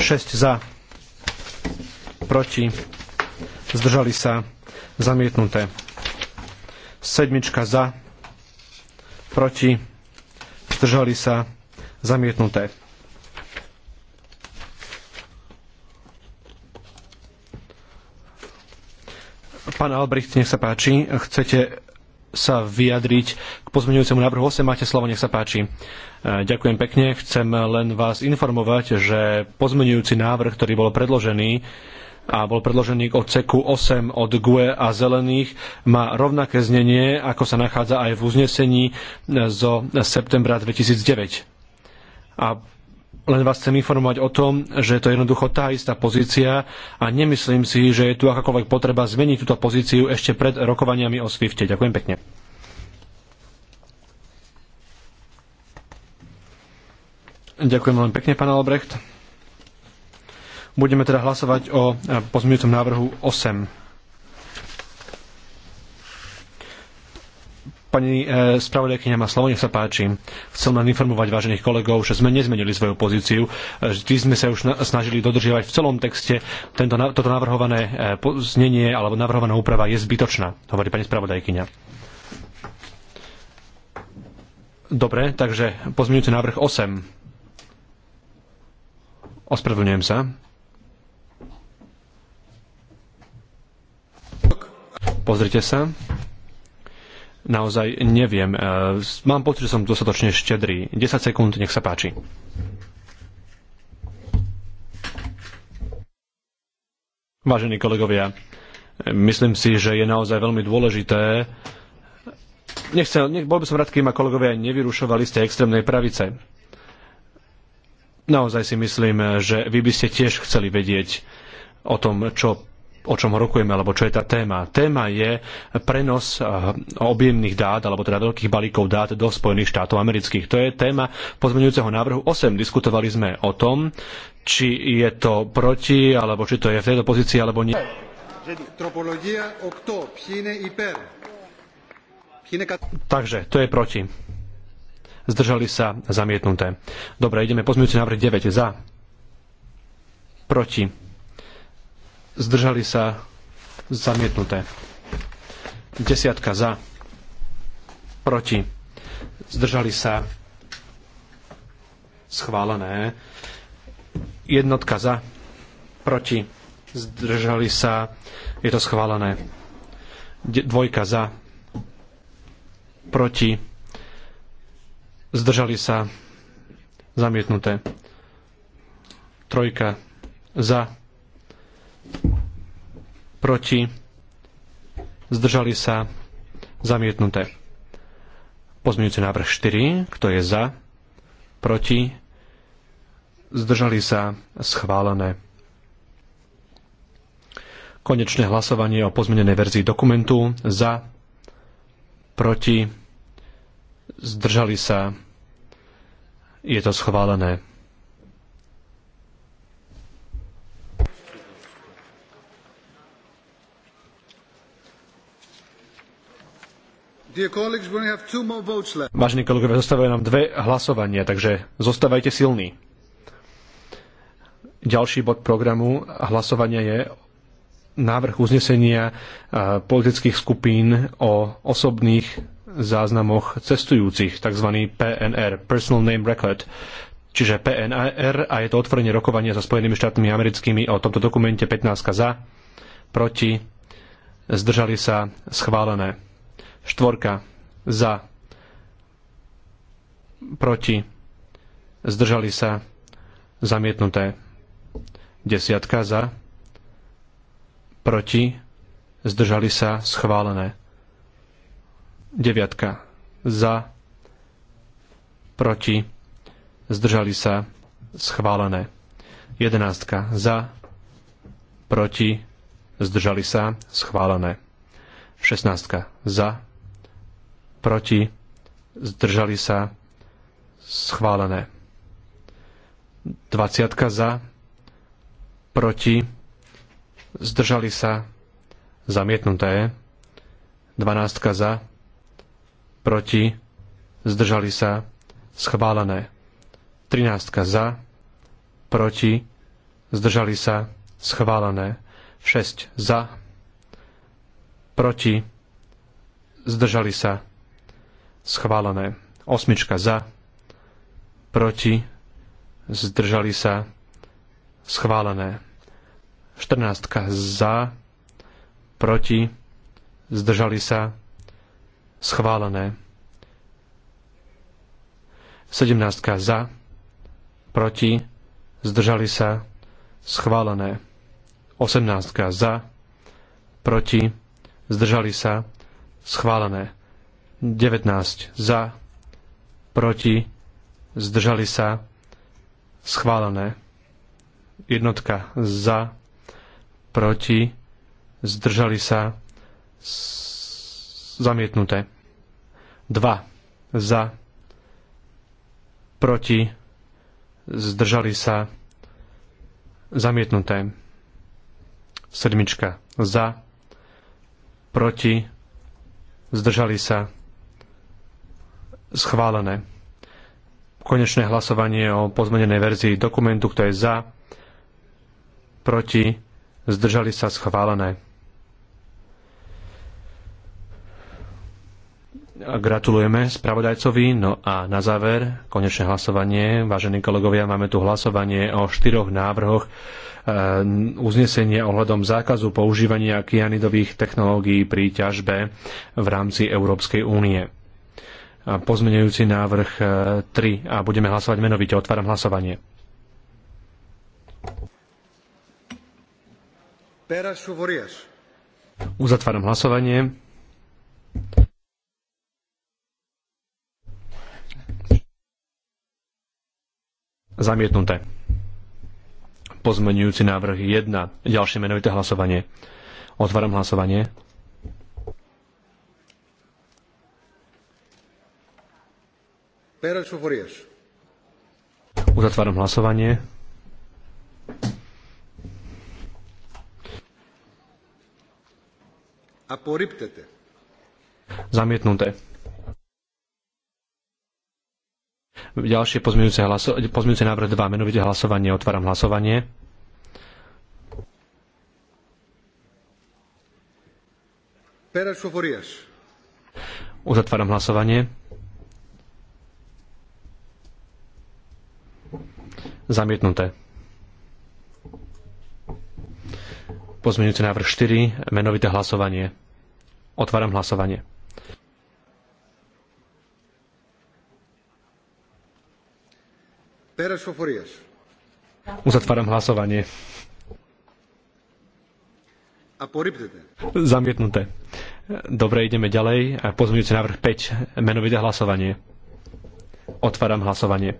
6 za. Proti? Zdržali sa? Zamietnuté. Sedmička za. Proti? zdržali sa, zamietnuté. Pán Albrecht, nech sa páči, chcete sa vyjadriť k pozmeňujúcemu návrhu 8. Máte slovo, nech sa páči. E, ďakujem pekne. Chcem len vás informovať, že pozmeňujúci návrh, ktorý bol predložený, a bol predložený k odseku 8 od GUE a Zelených, má rovnaké znenie, ako sa nachádza aj v uznesení zo septembra 2009. A len vás chcem informovať o tom, že to je jednoducho tá istá pozícia a nemyslím si, že je tu akákoľvek potreba zmeniť túto pozíciu ešte pred rokovaniami o Swifte. Ďakujem pekne. Ďakujem veľmi pekne, pán Albrecht. Budeme teda hlasovať o e, pozmeňujúcom návrhu 8. Pani e, spravodajkyňa má slovo, nech sa páči. Chcem len informovať vážených kolegov, že sme nezmenili svoju pozíciu. Vždy e, sme sa už na, snažili dodržiavať v celom texte. Tento, toto navrhované e, znenie alebo navrhovaná úprava je zbytočná, hovorí pani spravodajkyňa. Dobre, takže pozmeňujúci návrh 8. Ospravedlňujem sa. Pozrite sa. Naozaj neviem. E, mám pocit, že som dostatočne štedrý. 10 sekúnd, nech sa páči. Vážení kolegovia, myslím si, že je naozaj veľmi dôležité, Nechcel, nech, bol by som rád, keby ma kolegovia nevyrušovali z tej extrémnej pravice. Naozaj si myslím, že vy by ste tiež chceli vedieť o tom, čo o čom rokujeme, alebo čo je tá téma. Téma je prenos eh, objemných dát, alebo teda veľkých balíkov dát do Spojených štátov amerických. To je téma pozmeňujúceho návrhu 8. Diskutovali sme o tom, či je to proti, alebo či to je v tejto pozícii, alebo nie. Takže, to je proti. Zdržali sa zamietnuté. Dobre, ideme pozmeňujúci návrh 9. Za. Proti zdržali sa zamietnuté. Desiatka za, proti, zdržali sa schválené. Jednotka za, proti, zdržali sa, je to schválené. Dvojka za, proti, zdržali sa, zamietnuté. Trojka za, proti, zdržali sa, zamietnuté. Pozmeňujúci návrh 4, kto je za, proti, zdržali sa, schválené. Konečné hlasovanie o pozmenenej verzii dokumentu za, proti, zdržali sa, je to schválené. Vážení kolegovia, zostávajú nám dve hlasovania, takže zostávajte silní. Ďalší bod programu hlasovania je návrh uznesenia politických skupín o osobných záznamoch cestujúcich, tzv. PNR, Personal Name Record, čiže PNR a je to otvorenie rokovania so Spojenými štátmi americkými o tomto dokumente 15 za, proti, zdržali sa, schválené. Štvorka za, proti, zdržali sa, zamietnuté. Desiatka za, proti, zdržali sa, schválené. Deviatka za, proti, zdržali sa, schválené. Jedenáctka za, proti, zdržali sa, schválené. Šestnáctka za, proti, zdržali sa, schválené. 20 za, proti, zdržali sa, zamietnuté. 12 za, proti, zdržali sa, schválené. 13 za, proti, zdržali sa, schválené. 6 za, proti, zdržali sa, schválené. Osmička za, proti, zdržali sa, schválené. Štrnáctka za, proti, zdržali sa, schválené. Sedemnáctka za, proti, zdržali sa, schválené. Osemnáctka za, proti, zdržali sa, schválené. 19 za, proti, zdržali sa, schválené. Jednotka za, proti, zdržali sa, zamietnuté. 2 za, proti, zdržali sa, zamietnuté. Sedmička za, proti, zdržali sa, Schválené. Konečné hlasovanie o pozmenenej verzii dokumentu, kto je za, proti, zdržali sa schválené. Gratulujeme spravodajcovi. No a na záver, konečné hlasovanie. Vážení kolegovia, máme tu hlasovanie o štyroch návrhoch eh, uznesenie ohľadom zákazu používania kianidových technológií pri ťažbe v rámci Európskej únie pozmenujúci návrh 3 e, a budeme hlasovať menovite. Otváram hlasovanie. Uzatváram hlasovanie. Zamietnuté. Pozmenujúci návrh 1. Ďalšie menovité hlasovanie. Otváram hlasovanie. Uzatváram hlasovanie. Απορρίπτεται. Zamietnuté. Ďalšie pozmeňujúce, hlaso- pozmeňujúce návrh 2, menovite hlasovanie. Otváram hlasovanie. Uzatváram hlasovanie. Zamietnuté. Pozmeňujúci návrh 4. Menovité hlasovanie. Otváram hlasovanie. Uzatváram hlasovanie. Zamietnuté. Dobre, ideme ďalej. Pozmeňujúci návrh 5. Menovité hlasovanie. Otváram hlasovanie.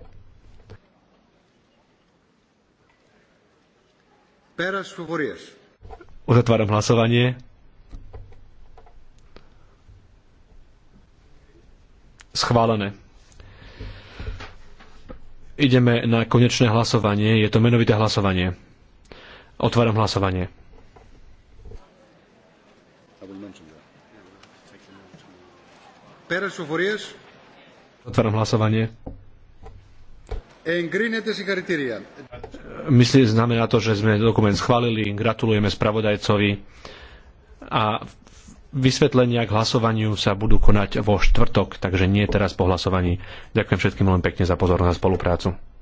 Uzatváram hlasovanie. Schválené. Ideme na konečné hlasovanie. Je to menovité hlasovanie. Otváram hlasovanie. Otváram hlasovanie. Myslí znamená to, že sme dokument schválili, gratulujeme spravodajcovi a vysvetlenia k hlasovaniu sa budú konať vo štvrtok, takže nie teraz po hlasovaní. Ďakujem všetkým len pekne za pozornosť a spoluprácu.